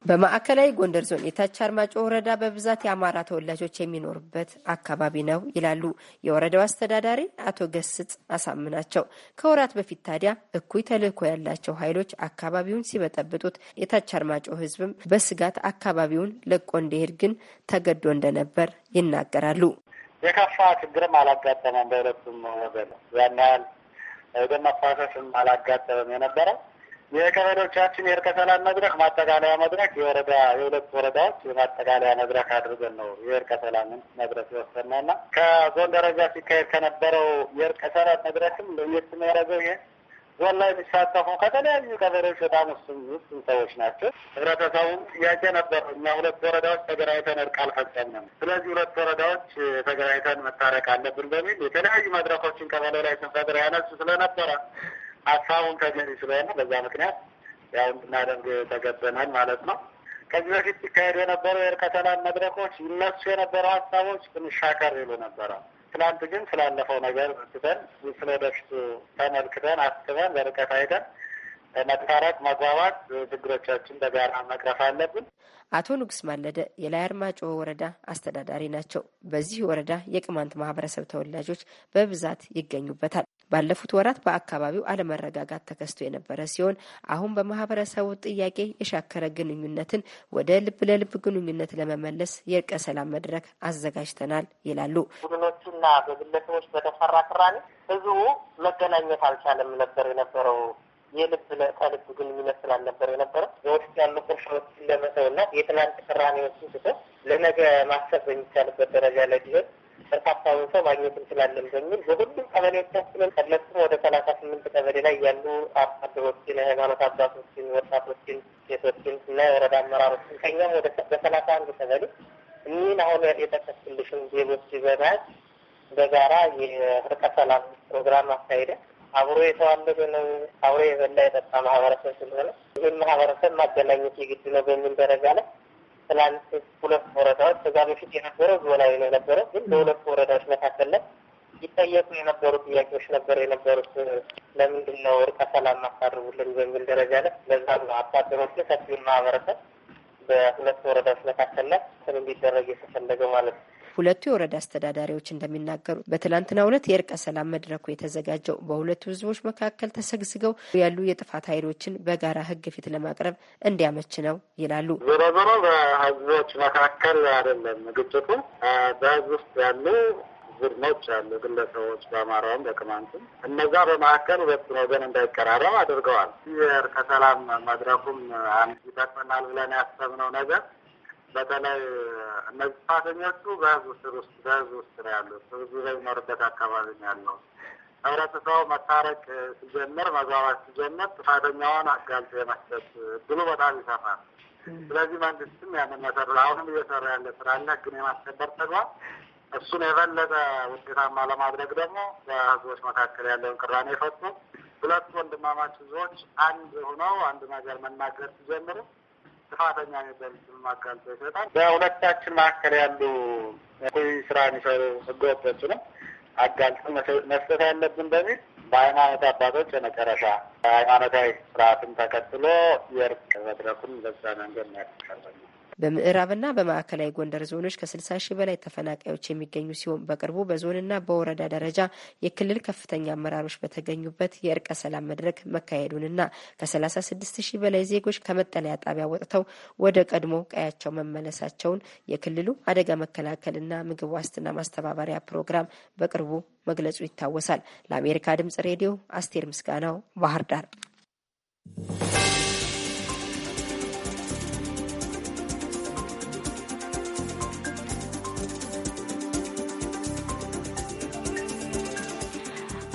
በማዕከላዊ ጎንደር ዞን የታች አርማጮ ወረዳ በብዛት የአማራ ተወላጆች የሚኖሩበት አካባቢ ነው ይላሉ የወረዳው አስተዳዳሪ አቶ ገስጽ አሳምናቸው። ከወራት በፊት ታዲያ እኩይ ተልዕኮ ያላቸው ኃይሎች አካባቢውን ሲበጠብጡት የታች አርማጮ ሕዝብም በስጋት አካባቢውን ለቆ እንዲሄድ ግን ተገዶ እንደነበር ይናገራሉ። የከፋ ችግርም አላጋጠመም። በሁለቱም ወገን ያን ያህል ደም መፋሰስም አላጋጠመም የነበረው የቀበሌዎቻችን የእርቀ ሰላም መድረክ ማጠቃለያ መድረክ የወረዳ የሁለት ወረዳዎች የማጠቃለያ መድረክ አድርገን ነው የእርቀ ሰላምን መድረክ የወሰንና ከዞን ደረጃ ሲካሄድ ከነበረው የእርቀ ሰላም መድረክም ለየት የሚያደርገው ይሄ ዞን ላይ የሚሳተፉ ከተለያዩ ቀበሌዎች በጣም ውስን ውስን ሰዎች ናቸው። ህብረተሰቡም ጥያቄ ነበር። እኛ ሁለት ወረዳዎች ተገናኝተን እርቅ አልፈጸምንም። ስለዚህ ሁለት ወረዳዎች ተገናኝተን መታረቅ አለብን በሚል የተለያዩ መድረኮችን ቀበሌ ላይ ስንፈጥር ያነሱ ስለነበረ ሀሳቡን ተገቢ ስለሆነ በዛ ምክንያት ያው እንድናደርግ ተገበናል ማለት ነው። ከዚህ በፊት ሲካሄዱ የነበረው የእርቀ ሰላም መድረኮች ይነሱ የነበረው ሀሳቦች እንሻከር ይሉ ነበረ። ትናንት ግን ስላለፈው ነገር ትተን ስለ ወደፊቱ ተመልክተን አስበን በርቀት አይተን መታረቅ፣ መግባባት፣ ችግሮቻችን በጋራ መቅረፍ አለብን። አቶ ንጉስ ማለደ የላይ አርማጭሆ ወረዳ አስተዳዳሪ ናቸው። በዚህ ወረዳ የቅማንት ማህበረሰብ ተወላጆች በብዛት ይገኙበታል። ባለፉት ወራት በአካባቢው አለመረጋጋት ተከስቶ የነበረ ሲሆን አሁን በማህበረሰቡ ጥያቄ የሻከረ ግንኙነትን ወደ ልብ ለልብ ግንኙነት ለመመለስ የእርቀ ሰላም መድረክ አዘጋጅተናል ይላሉ። ቡድኖቹና በግለሰቦች በተፈራ ቅራኔ ህዝቡ መገናኘት አልቻለም ነበር የነበረው የልብ ከልብ ግንኙነት ስላልነበር የነበረ በውስጥ ያሉ ቁርሻዎችን ለመተውና የትናንት ቅራኔዎችን ትቶ ለነገ ማሰብ በሚቻልበት ደረጃ ላይ ቢሆን በርካታውን ሰው ማግኘት እንችላለን በሚል በሁሉም ቀበሌዎቻችንን ከለትም ወደ ሰላሳ ስምንት ቀበሌ ላይ ያሉ አርሶ አደሮችን፣ የሃይማኖት አባቶችን፣ ወጣቶችን፣ ሴቶችን እና የወረዳ አመራሮችን ከኛም ወደ በሰላሳ አንድ ቀበሌ እኒህን አሁን የጠቀስልሽን ዜጎች በመያዝ በጋራ የእርቀ ሰላም ፕሮግራም አካሄደ። አብሮ የተዋለደ ነው። አብሮ የበላ የጠጣ ማህበረሰብ ስለሆነ ይህን ማህበረሰብ ማገናኘት የግድ ነው በሚል ደረጃ ላይ ትላንት ሁለት ወረዳዎች ከዛ በፊት የነበረው ዞላዊ ነው የነበረ ግን በሁለት ወረዳዎች መካከል ላይ ይጠየቁ የነበሩ ጥያቄዎች ነበር የነበሩት። ለምንድን ነው እርቀ ሰላም ማሳርቡልን በሚል ደረጃ ላይ በዛ ነው አባደሮች ሰፊውን ማህበረሰብ በሁለት ወረዳዎች መካከል ላይ እንዲደረግ የተፈለገው ማለት ነው። ሁለቱ የወረዳ አስተዳዳሪዎች እንደሚናገሩት በትላንትናው ዕለት የእርቀ ሰላም መድረኩ የተዘጋጀው በሁለቱ ህዝቦች መካከል ተሰግስገው ያሉ የጥፋት ኃይሎችን በጋራ ህግ ፊት ለማቅረብ እንዲያመች ነው ይላሉ። ዞሮ ዞሮ በህዝቦች መካከል አይደለም ግጭቱ በህዝብ ውስጥ ያሉ ቡድኖች አሉ፣ ግለሰቦች በአማራውም በቅማንትም። እነዛ በመካከል ሁለቱን ወገን እንዳይቀራረብ አድርገዋል። የእርቀ ሰላም መድረኩም አንድ ይጠቅመናል ብለን ያሰብነው ነገር በተለይ እነዚህ ጥፋተኞቹ በህዝብ ስር ውስጥ በህዝብ ውስጥ ነው ያሉት። ህዝቡ በሚኖርበት አካባቢ ነው ያለው። ህብረተሰቡ መታረቅ ሲጀምር፣ መግባባት ሲጀምር ጥፋተኛውን አጋልጦ የመስጠት እድሉ በጣም ይሰፋል። ስለዚህ መንግስትም ያንን መሰሩ አሁንም እየሰራ ያለ ስራ አለ፣ ህግን የማስከበር ተግባር። እሱን የበለጠ ውጤታማ ለማድረግ ደግሞ በህዝቦች መካከል ያለውን ቅራኔ የፈቱ ሁለቱ ወንድማማች ህዝቦች አንድ ሆነው አንድ ነገር መናገር ሲጀምሩ ጥፋተኛ ነበር ስማካል ይሰጣል። በሁለታችን መካከል ያሉ ኩይ ስራ የሚሰሩ ነው አጋልጥ መስጠት ያለብን በሚል በሃይማኖት አባቶች የመጨረሻ ሃይማኖታዊ ስርዓትን ተከትሎ የእርቅ መድረኩን በዛ መንገድ ያቀርበኛል። በምዕራብና በማዕከላዊ ጎንደር ዞኖች ከ60 ሺህ በላይ ተፈናቃዮች የሚገኙ ሲሆን በቅርቡ በዞንና በወረዳ ደረጃ የክልል ከፍተኛ አመራሮች በተገኙበት የእርቀ ሰላም መድረክ መካሄዱንና ከ36 ሺህ በላይ ዜጎች ከመጠለያ ጣቢያ ወጥተው ወደ ቀድሞ ቀያቸው መመለሳቸውን የክልሉ አደጋ መከላከልና ምግብ ዋስትና ማስተባበሪያ ፕሮግራም በቅርቡ መግለጹ ይታወሳል። ለአሜሪካ ድምጽ ሬዲዮ አስቴር ምስጋናው ባህር ዳር።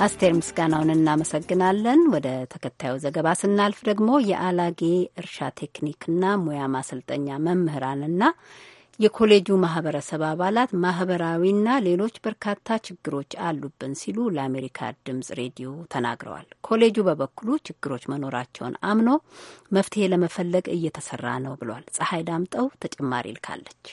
አስቴር ምስጋናውን እናመሰግናለን። ወደ ተከታዩ ዘገባ ስናልፍ ደግሞ የአላጌ እርሻ ቴክኒክና ሙያ ማሰልጠኛ መምህራንና የኮሌጁ ማህበረሰብ አባላት ማህበራዊና ሌሎች በርካታ ችግሮች አሉብን ሲሉ ለአሜሪካ ድምጽ ሬዲዮ ተናግረዋል። ኮሌጁ በበኩሉ ችግሮች መኖራቸውን አምኖ መፍትሄ ለመፈለግ እየተሰራ ነው ብሏል። ፀሐይ ዳምጠው ተጨማሪ ልካለች።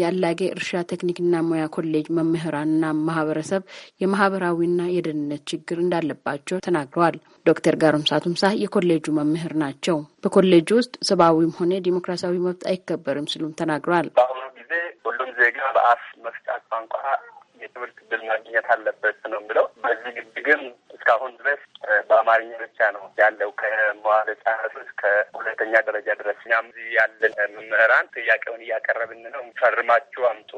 የአላጌ እርሻ ቴክኒክና ሙያ ኮሌጅ መምህራንና ማህበረሰብ የማህበራዊና የደህንነት ችግር እንዳለባቸው ተናግረዋል። ዶክተር ጋሩምሳ ቱምሳ የኮሌጁ መምህር ናቸው። በኮሌጁ ውስጥ ሰብአዊም ሆነ ዲሞክራሲያዊ መብት አይከበርም ሲሉም ተናግረዋል። በአሁኑ ጊዜ ሁሉም ዜጋ በአፍ መፍጫ ቋንቋ የትምህርት ዕድል ማግኘት አለበት ነው ብለው በዚህ ግድ ግን እስካሁን ድረስ በአማርኛ ብቻ ነው ያለው ከመዋለ ህጻናት እስከ ሁለተኛ ደረጃ ድረስ። እኛም እዚህ ያለን መምህራን ጥያቄውን እያቀረብን ነው። ፈርማችሁ አምጡ።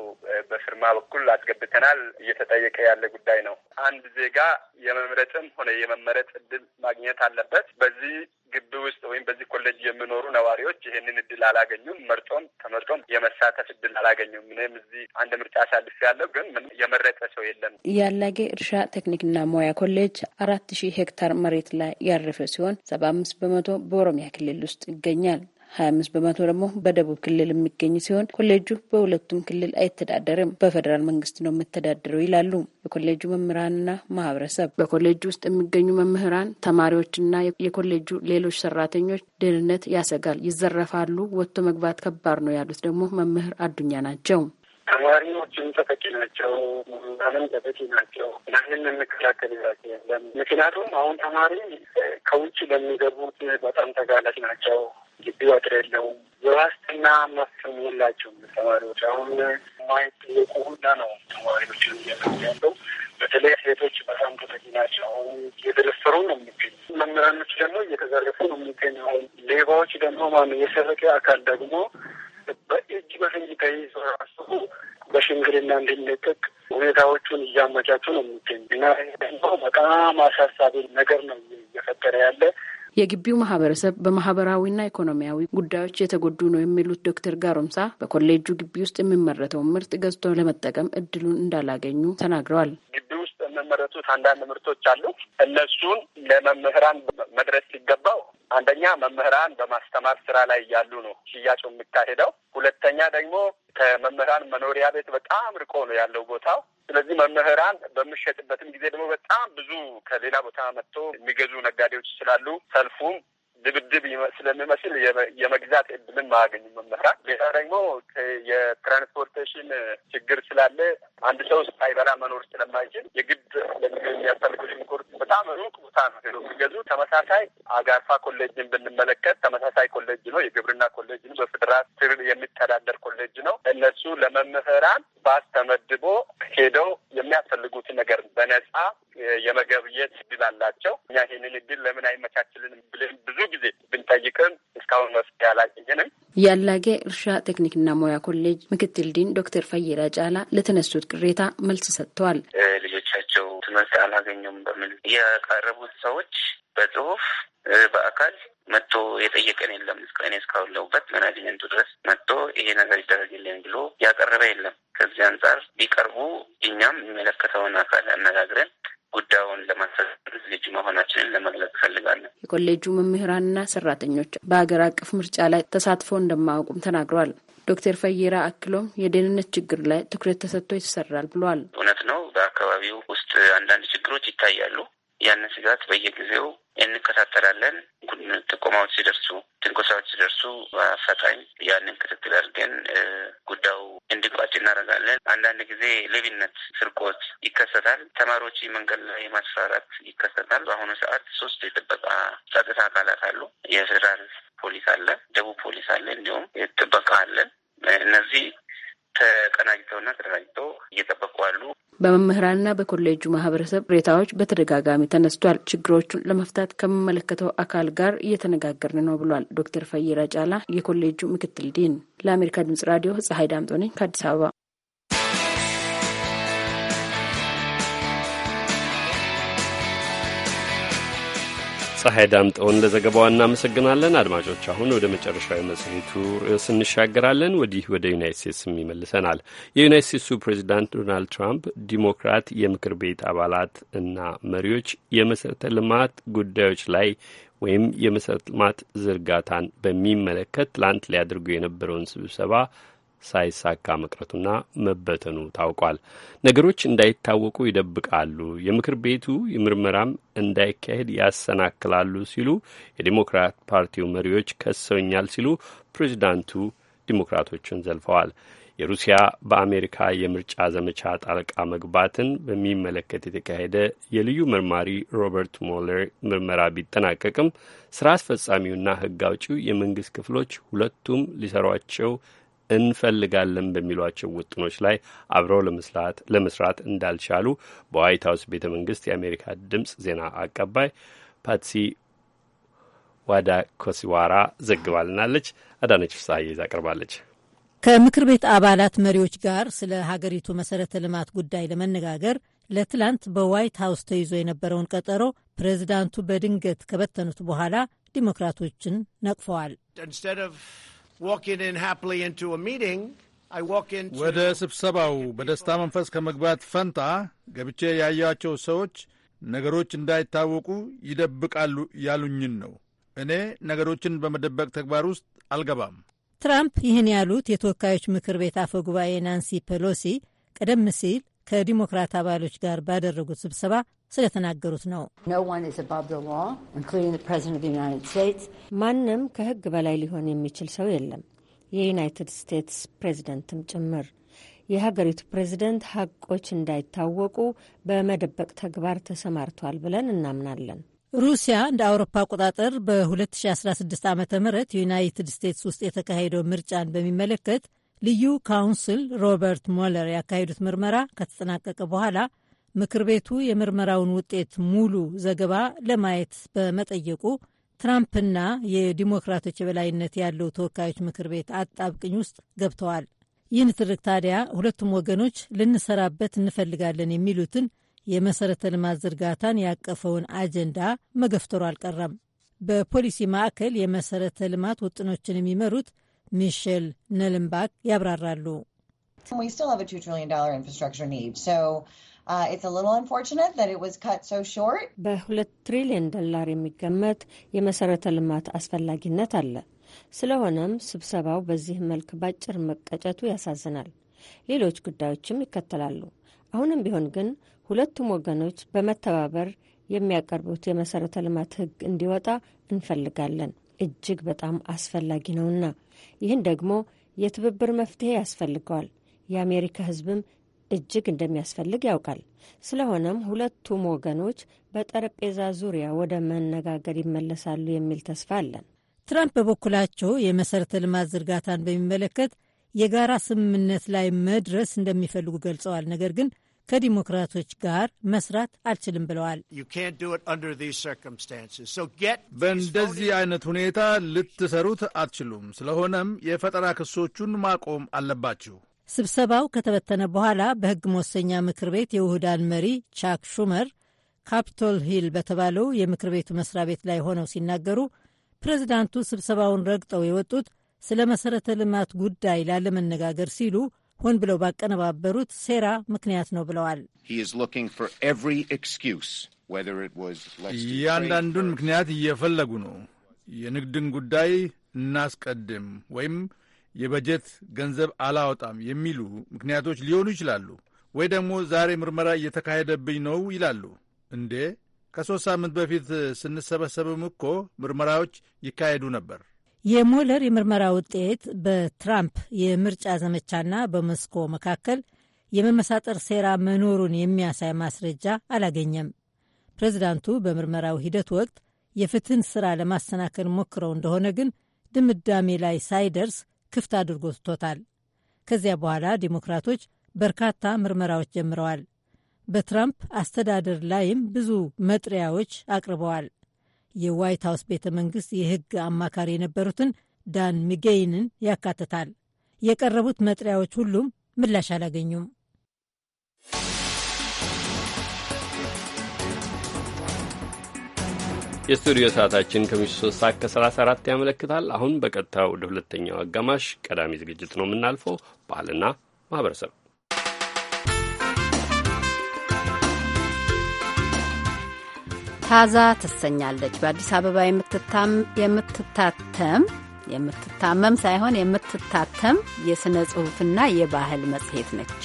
በፍርማ በኩል አስገብተናል። እየተጠየቀ ያለ ጉዳይ ነው። አንድ ዜጋ የመምረጥም ሆነ የመመረጥ እድል ማግኘት አለበት። በዚህ ግቢ ውስጥ ወይም በዚህ ኮሌጅ የሚኖሩ ነዋሪዎች ይህንን እድል አላገኙም። መርጦም ተመርጦም የመሳተፍ እድል አላገኙም። ምንም እዚህ አንድ ምርጫ አሳልፍ ያለው ግን ምን የመረጠ ሰው የለም። ያላጌ እርሻ ቴክኒክና ሙያ ኮሌጅ አራት ሺህ ሄክታ ሄክታር መሬት ላይ ያረፈ ሲሆን 75 አምስት በመቶ በኦሮሚያ ክልል ውስጥ ይገኛል። 25 በመቶ ደግሞ በደቡብ ክልል የሚገኝ ሲሆን ኮሌጁ በሁለቱም ክልል አይተዳደርም፣ በፌዴራል መንግስት ነው የምተዳደረው ይላሉ የኮሌጁ መምህራንና ማህበረሰብ። በኮሌጁ ውስጥ የሚገኙ መምህራን፣ ተማሪዎችና የኮሌጁ ሌሎች ሰራተኞች ደህንነት ያሰጋል፣ ይዘረፋሉ፣ ወጥቶ መግባት ከባድ ነው ያሉት ደግሞ መምህር አዱኛ ናቸው። ተማሪዎችም ተጠቂ ናቸው። ምናምን ተጠቂ ናቸው። ያንን የምከላከል እንከላከል የለም። ምክንያቱም አሁን ተማሪ ከውጭ ለሚገቡት በጣም ተጋላጭ ናቸው። ግቢ ወጥር የለውም። የዋስትና መፍትም የላቸውም ተማሪዎች አሁን ማየት ልቁ ሁላ ነው። ተማሪዎች ያለው በተለይ ሴቶች በጣም ተጠቂ ናቸው። አሁን እየተደፈሩ ነው የሚገኙ መምህራኖች ደግሞ እየተዘረፉ ነው የሚገኙ አሁን ሌባዎች ደግሞ ማነው የሰረቀ አካል ደግሞ በእጅ በፍንጅ ተይዞ ራሱ በሽምግልና እንድንለቀቅ ሁኔታዎቹን እያመቻቹ ነው የሚገኝ እና በጣም አሳሳቢ ነገር ነው እየፈጠረ ያለ። የግቢው ማህበረሰብ በማህበራዊና ኢኮኖሚያዊ ጉዳዮች የተጎዱ ነው የሚሉት ዶክተር ጋሮምሳ በኮሌጁ ግቢ ውስጥ የሚመረተውን ምርት ገዝቶ ለመጠቀም እድሉን እንዳላገኙ ተናግረዋል። ግቢው የሚመረቱት አንዳንድ ምርቶች አሉ። እነሱን ለመምህራን መድረስ ሲገባው አንደኛ መምህራን በማስተማር ስራ ላይ እያሉ ነው ሽያጩ የሚካሄደው። ሁለተኛ ደግሞ ከመምህራን መኖሪያ ቤት በጣም ርቆ ነው ያለው ቦታው። ስለዚህ መምህራን በሚሸጥበትም ጊዜ ደግሞ በጣም ብዙ ከሌላ ቦታ መጥቶ የሚገዙ ነጋዴዎች ስላሉ ሰልፉም ድብድብ ስለሚመስል የመግዛት እድልን ማገኝ መምህራን። ሌላ ደግሞ የትራንስፖርቴሽን ችግር ስላለ አንድ ሰው ሳይበላ መኖር ስለማይችል የግድ የሚያስፈልጉ ሽንኩርት በጣም ሩቅ ቦታ ነው ሄዶ የሚገዙ። ተመሳሳይ አጋርፋ ኮሌጅን ብንመለከት ተመሳሳይ ኮሌጅ ነው፣ የግብርና ኮሌጅ ነው፣ በፌዴራል ስር የሚተዳደር ኮሌጅ ነው። እነሱ ለመምህራን ባስ ተመድቦ ሄደው የሚያስፈልጉትን ነገር በነጻ የመገብየት እድል አላቸው። እኛ ይህንን እድል ለምን አይመቻችልንም ብለን ብዙ ጊዜ ብንጠይቅም እስካሁን መፍትሄ አላገኘንም። የአላጌ እርሻ ቴክኒክና ሙያ ኮሌጅ ምክትል ዲን ዶክተር ፈይዳ ጫላ ለተነሱት ቅሬታ መልስ ሰጥተዋል። ልጆቻቸው ትምህርት አላገኙም በሚል የቀረቡት ሰዎች በጽሁፍ በአካል መጥቶ የጠየቀን የለም። እስከእኔ እስካሁለውበት መናጅመንቱ ድረስ መጥቶ ይሄ ነገር ይደረግልን ብሎ ያቀረበ የለም። ከዚህ አንጻር ቢቀርቡ እኛም የሚመለከተውን አካል አነጋግረን ጉዳዩን ለማሳሰብ ዝግጁ መሆናችንን ለመግለጽ እፈልጋለሁ። የኮሌጁ መምህራንና ሰራተኞች በሀገር አቀፍ ምርጫ ላይ ተሳትፎ እንደማያውቁም ተናግረዋል። ዶክተር ፈየራ አክሎም የደህንነት ችግር ላይ ትኩረት ተሰጥቶ ይሰራል ብለዋል። እውነት ነው። በአካባቢው ውስጥ አንዳንድ ችግሮች ይታያሉ። ያንን ስጋት በየጊዜው እንከታተላለን። ጥቆማዎች ሲደርሱ፣ ትንኮሳዎች ሲደርሱ አፋጣኝ ያንን ክትትል አድርገን ጉዳዩ እንዲቋጭ እናደርጋለን። አንዳንድ ጊዜ ሌብነት፣ ስርቆት ይከሰታል። ተማሪዎች መንገድ ላይ ማስፈራራት ይከሰታል። በአሁኑ ሰዓት ሶስት የጥበቃ ጸጥታ አካላት አሉ። የፌዴራል ፖሊስ አለ፣ ደቡብ ፖሊስ አለ፣ እንዲሁም ጥበቃ አለን። እነዚህ ተቀናጅተውና ተደራጅተው እየጠበቁ አሉ። በመምህራንና በኮሌጁ ማህበረሰብ ቅሬታዎች በተደጋጋሚ ተነስቷል። ችግሮቹን ለመፍታት ከሚመለከተው አካል ጋር እየተነጋገርን ነው ብሏል ዶክተር ፈየራ ጫላ የኮሌጁ ምክትል ዲን። ለአሜሪካ ድምጽ ራዲዮ ፀሐይ ዳምጦ ነኝ ከአዲስ አበባ። ፀሐይ ዳምጠውን ለዘገባዋ እናመሰግናለን። አድማጮች አሁን ወደ መጨረሻዊ መጽሔቱ ርዕስ እንሻገራለን። ወዲህ ወደ ዩናይት ስቴትስም ይመልሰናል። የዩናይት ስቴትሱ ፕሬዚዳንት ዶናልድ ትራምፕ ዲሞክራት የምክር ቤት አባላት እና መሪዎች የመሠረተ ልማት ጉዳዮች ላይ ወይም የመሠረተ ልማት ዝርጋታን በሚመለከት ትላንት ሊያደርጉ የነበረውን ስብሰባ ሳይሳካ መቅረቱና መበተኑ ታውቋል። ነገሮች እንዳይታወቁ ይደብቃሉ፣ የምክር ቤቱ ምርመራም እንዳይካሄድ ያሰናክላሉ ሲሉ የዲሞክራት ፓርቲው መሪዎች ከሰውኛል ሲሉ ፕሬዚዳንቱ ዲሞክራቶቹን ዘልፈዋል። የሩሲያ በአሜሪካ የምርጫ ዘመቻ ጣልቃ መግባትን በሚመለከት የተካሄደ የልዩ መርማሪ ሮበርት ሞለር ምርመራ ቢጠናቀቅም ስራ አስፈጻሚውና ሕግ አውጪው የመንግስት ክፍሎች ሁለቱም ሊሰሯቸው እንፈልጋለን በሚሏቸው ውጥኖች ላይ አብረው ለመስራት ለመስራት እንዳልቻሉ በዋይት ሀውስ ቤተ መንግስት የአሜሪካ ድምጽ ዜና አቀባይ ፓትሲ ዋዳ ኮሲዋራ ዘግባልናለች። አዳነች ፍስሐዬ ይዛ ቀርባለች። ከምክር ቤት አባላት መሪዎች ጋር ስለ ሀገሪቱ መሰረተ ልማት ጉዳይ ለመነጋገር ለትላንት በዋይት ሀውስ ተይዞ የነበረውን ቀጠሮ ፕሬዚዳንቱ በድንገት ከበተኑት በኋላ ዲሞክራቶችን ነቅፈዋል። ወደ ስብሰባው በደስታ መንፈስ ከመግባት ፈንታ ገብቼ ያያቸው ሰዎች ነገሮች እንዳይታወቁ ይደብቃሉ ያሉኝን ነው። እኔ ነገሮችን በመደበቅ ተግባር ውስጥ አልገባም። ትራምፕ ይህን ያሉት የተወካዮች ምክር ቤት አፈ ጉባኤ ናንሲ ፔሎሲ ቀደም ሲል ከዲሞክራት አባሎች ጋር ባደረጉት ስብሰባ ስለተናገሩት ነው። ማንም ከሕግ በላይ ሊሆን የሚችል ሰው የለም፣ የዩናይትድ ስቴትስ ፕሬዝደንትም ጭምር። የሀገሪቱ ፕሬዝደንት ሀቆች እንዳይታወቁ በመደበቅ ተግባር ተሰማርቷል ብለን እናምናለን። ሩሲያ እንደ አውሮፓ አቆጣጠር በ2016 ዓ ም ዩናይትድ ስቴትስ ውስጥ የተካሄደው ምርጫን በሚመለከት ልዩ ካውንስል ሮበርት ሞለር ያካሄዱት ምርመራ ከተጠናቀቀ በኋላ ምክር ቤቱ የምርመራውን ውጤት ሙሉ ዘገባ ለማየት በመጠየቁ ትራምፕና የዲሞክራቶች የበላይነት ያለው ተወካዮች ምክር ቤት አጣብቅኝ ውስጥ ገብተዋል። ይህን ትርክ ታዲያ ሁለቱም ወገኖች ልንሰራበት እንፈልጋለን የሚሉትን የመሰረተ ልማት ዝርጋታን ያቀፈውን አጀንዳ መገፍተሩ አልቀረም። በፖሊሲ ማዕከል የመሰረተ ልማት ውጥኖችን የሚመሩት ሚሼል ነልምባክ ያብራራሉ። uh, በሁለት ትሪሊዮን ዶላር የሚገመት የመሰረተ ልማት አስፈላጊነት አለ። ስለሆነም ስብሰባው በዚህ መልክ ባጭር መቀጨቱ ያሳዝናል። ሌሎች ጉዳዮችም ይከተላሉ። አሁንም ቢሆን ግን ሁለቱም ወገኖች በመተባበር የሚያቀርቡት የመሰረተ ልማት ሕግ እንዲወጣ እንፈልጋለን። እጅግ በጣም አስፈላጊ ነውና ይህን ደግሞ የትብብር መፍትሄ ያስፈልገዋል። የአሜሪካ ሕዝብም እጅግ እንደሚያስፈልግ ያውቃል። ስለሆነም ሁለቱም ወገኖች በጠረጴዛ ዙሪያ ወደ መነጋገር ይመለሳሉ የሚል ተስፋ አለን። ትራምፕ በበኩላቸው የመሠረተ ልማት ዝርጋታን በሚመለከት የጋራ ስምምነት ላይ መድረስ እንደሚፈልጉ ገልጸዋል። ነገር ግን ከዲሞክራቶች ጋር መስራት አልችልም ብለዋል። በእንደዚህ አይነት ሁኔታ ልትሰሩት አትችሉም። ስለሆነም የፈጠራ ክሶቹን ማቆም አለባችሁ። ስብሰባው ከተበተነ በኋላ በሕግ መወሰኛ ምክር ቤት የውህዳን መሪ ቻክ ሹመር ካፒቶል ሂል በተባለው የምክር ቤቱ መስሪያ ቤት ላይ ሆነው ሲናገሩ ፕሬዚዳንቱ ስብሰባውን ረግጠው የወጡት ስለ መሰረተ ልማት ጉዳይ ላለመነጋገር ሲሉ ሆን ብለው ባቀነባበሩት ሴራ ምክንያት ነው ብለዋል። እያንዳንዱን ምክንያት እየፈለጉ ነው። የንግድን ጉዳይ እናስቀድም ወይም የበጀት ገንዘብ አላወጣም የሚሉ ምክንያቶች ሊሆኑ ይችላሉ። ወይ ደግሞ ዛሬ ምርመራ እየተካሄደብኝ ነው ይላሉ። እንዴ ከሦስት ሳምንት በፊት ስንሰበሰብም እኮ ምርመራዎች ይካሄዱ ነበር። የሞለር የምርመራ ውጤት በትራምፕ የምርጫ ዘመቻና በሞስኮ መካከል የመመሳጠር ሴራ መኖሩን የሚያሳይ ማስረጃ አላገኘም። ፕሬዚዳንቱ በምርመራው ሂደት ወቅት የፍትህን ስራ ለማሰናከል ሞክረው እንደሆነ ግን ድምዳሜ ላይ ሳይደርስ ክፍት አድርጎ ትቶታል። ከዚያ በኋላ ዲሞክራቶች በርካታ ምርመራዎች ጀምረዋል። በትራምፕ አስተዳደር ላይም ብዙ መጥሪያዎች አቅርበዋል። የዋይት ሀውስ ቤተ መንግስት የህግ አማካሪ የነበሩትን ዳን ሚጌይንን ያካትታል። የቀረቡት መጥሪያዎች ሁሉም ምላሽ አላገኙም። የስቱዲዮ ሰዓታችን ከምሽቱ 3 ሰዓት ከ34 ያመለክታል። አሁን በቀጥታ ወደ ሁለተኛው አጋማሽ ቀዳሚ ዝግጅት ነው የምናልፈው ባህልና ማህበረሰብ ታዛ ትሰኛለች። በአዲስ አበባ የምትታተም የምትታመም ሳይሆን የምትታተም የሥነ ጽሑፍና የባህል መጽሔት ነች።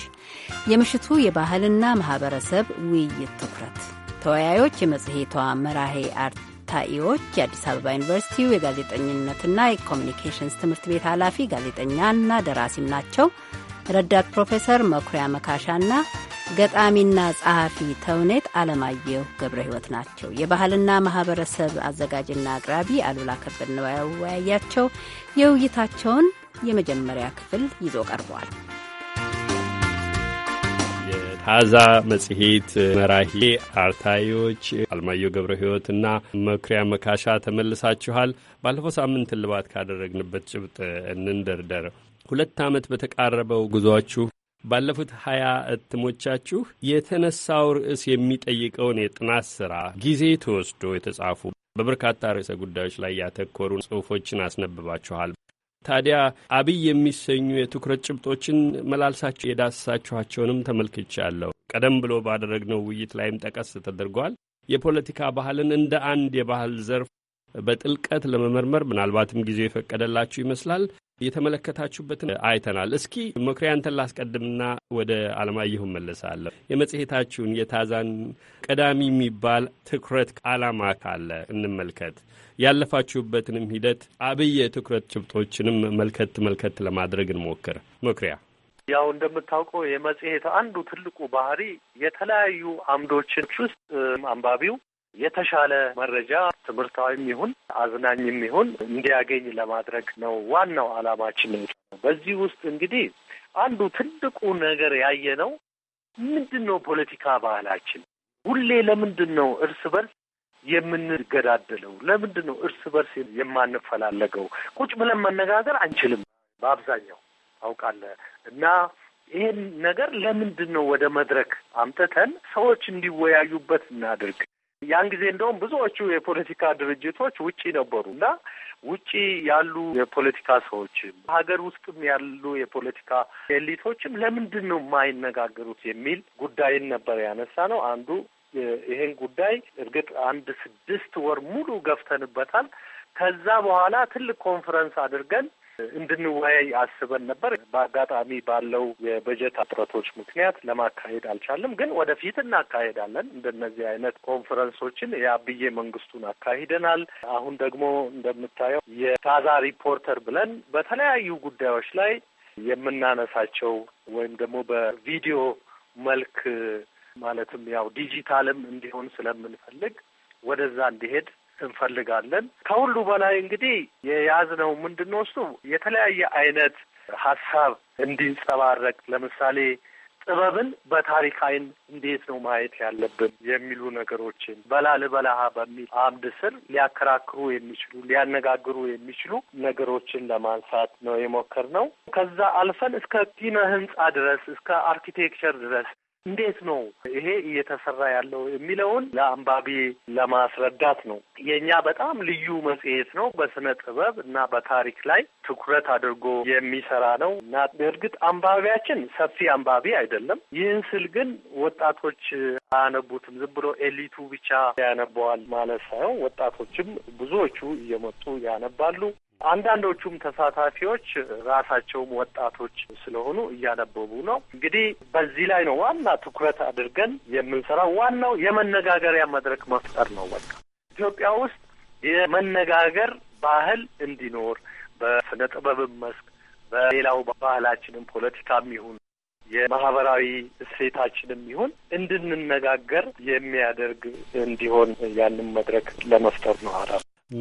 የምሽቱ የባህልና ማኅበረሰብ ውይይት ትኩረት ተወያዮች የመጽሔቷ መራሄ አርታኢዎች የአዲስ አበባ ዩኒቨርሲቲው የጋዜጠኝነትና የኮሚኒኬሽንስ ትምህርት ቤት ኃላፊ ጋዜጠኛና ደራሲም ናቸው። ረዳት ፕሮፌሰር መኩሪያ መካሻና ገጣሚና ጸሐፊ ተውኔት አለማየሁ ገብረ ሕይወት ናቸው። የባህልና ማህበረሰብ አዘጋጅና አቅራቢ አሉላ ከበደ ነው ያወያያቸው። የውይይታቸውን የመጀመሪያ ክፍል ይዞ ቀርበዋል። ታዛ መጽሔት መራሂ አርታዮች አለማየሁ ገብረ ሕይወትና መኩሪያ መካሻ ተመልሳችኋል። ባለፈው ሳምንት እልባት ካደረግንበት ጭብጥ እንንደርደር። ሁለት ዓመት በተቃረበው ጉዟችሁ ባለፉት ሀያ እትሞቻችሁ የተነሳው ርዕስ የሚጠይቀውን የጥናት ስራ ጊዜ ተወስዶ የተጻፉ በበርካታ ርዕሰ ጉዳዮች ላይ ያተኮሩ ጽሁፎችን አስነብባችኋል። ታዲያ አብይ የሚሰኙ የትኩረት ጭብጦችን መላልሳችሁ የዳሰሳችኋቸውንም ተመልክቻለሁ። ቀደም ብሎ ባደረግነው ውይይት ላይም ጠቀስ ተደርጓል። የፖለቲካ ባህልን እንደ አንድ የባህል ዘርፍ በጥልቀት ለመመርመር ምናልባትም ጊዜው የፈቀደላችሁ ይመስላል የተመለከታችሁበትን አይተናል። እስኪ መኩሪያ አንተን ላስቀድምና ወደ አለማየሁ መለሳለሁ። የመጽሔታችሁን የታዛን ቀዳሚ የሚባል ትኩረት አላማ ካለ እንመልከት። ያለፋችሁበትንም ሂደት አብይ የትኩረት ጭብጦችንም መልከት መልከት ለማድረግ እንሞክር። መኩሪያ፣ ያው እንደምታውቀው የመጽሔት አንዱ ትልቁ ባህሪ የተለያዩ አምዶችን ውስጥ አንባቢው የተሻለ መረጃ ትምህርታዊም ይሁን አዝናኝም ይሁን እንዲያገኝ ለማድረግ ነው ዋናው ዓላማችን። በዚህ ውስጥ እንግዲህ አንዱ ትልቁ ነገር ያየ ነው ምንድን ነው ፖለቲካ ባህላችን ሁሌ ለምንድን ነው እርስ በርስ የምንገዳደለው? ለምንድን ነው እርስ በርስ የማንፈላለገው? ቁጭ ብለን መነጋገር አንችልም በአብዛኛው ታውቃለህ። እና ይህን ነገር ለምንድን ነው ወደ መድረክ አምጥተን ሰዎች እንዲወያዩበት እናድርግ። ያን ጊዜ እንደውም ብዙዎቹ የፖለቲካ ድርጅቶች ውጪ ነበሩ እና ውጪ ያሉ የፖለቲካ ሰዎችም ሀገር ውስጥም ያሉ የፖለቲካ ኤሊቶችም ለምንድን ነው የማይነጋገሩት የሚል ጉዳይን ነበር ያነሳ ነው አንዱ። ይህን ጉዳይ እርግጥ አንድ ስድስት ወር ሙሉ ገፍተንበታል። ከዛ በኋላ ትልቅ ኮንፈረንስ አድርገን እንድንወያይ አስበን ነበር። በአጋጣሚ ባለው የበጀት እጥረቶች ምክንያት ለማካሄድ አልቻለም። ግን ወደፊት እናካሄዳለን። እንደነዚህ አይነት ኮንፈረንሶችን የአብዬ መንግስቱን አካሂደናል። አሁን ደግሞ እንደምታየው የታዛ ሪፖርተር ብለን በተለያዩ ጉዳዮች ላይ የምናነሳቸው ወይም ደግሞ በቪዲዮ መልክ ማለትም ያው ዲጂታልም እንዲሆን ስለምንፈልግ ወደዛ እንዲሄድ እንፈልጋለን። ከሁሉ በላይ እንግዲህ የያዝነው ነው እሱ የተለያየ አይነት ሀሳብ እንዲንጸባረቅ ለምሳሌ ጥበብን በታሪክ አይን እንዴት ነው ማየት ያለብን የሚሉ ነገሮችን በላል በላሃ በሚል አምድ ስር ሊያከራክሩ የሚችሉ ሊያነጋግሩ የሚችሉ ነገሮችን ለማንሳት ነው የሞከርነው። ከዛ አልፈን እስከ ኪነ ህንጻ ድረስ እስከ አርኪቴክቸር ድረስ እንዴት ነው ይሄ እየተሰራ ያለው የሚለውን ለአንባቢ ለማስረዳት ነው። የእኛ በጣም ልዩ መጽሔት ነው። በስነ ጥበብ እና በታሪክ ላይ ትኩረት አድርጎ የሚሰራ ነው እና በእርግጥ አንባቢያችን ሰፊ አንባቢ አይደለም። ይህን ስል ግን ወጣቶች አያነቡትም። ዝም ብሎ ኤሊቱ ብቻ ያነበዋል ማለት ሳይሆን ወጣቶችም ብዙዎቹ እየመጡ ያነባሉ። አንዳንዶቹም ተሳታፊዎች ራሳቸውም ወጣቶች ስለሆኑ እያነበቡ ነው። እንግዲህ በዚህ ላይ ነው ዋና ትኩረት አድርገን የምንሰራው። ዋናው የመነጋገሪያ መድረክ መፍጠር ነው። በቃ ኢትዮጵያ ውስጥ የመነጋገር ባህል እንዲኖር በስነ ጥበብም መስክ በሌላው ባህላችንም ፖለቲካም ይሁን የማህበራዊ እሴታችንም ይሁን እንድንነጋገር የሚያደርግ እንዲሆን ያንን መድረክ ለመፍጠር ነው አራ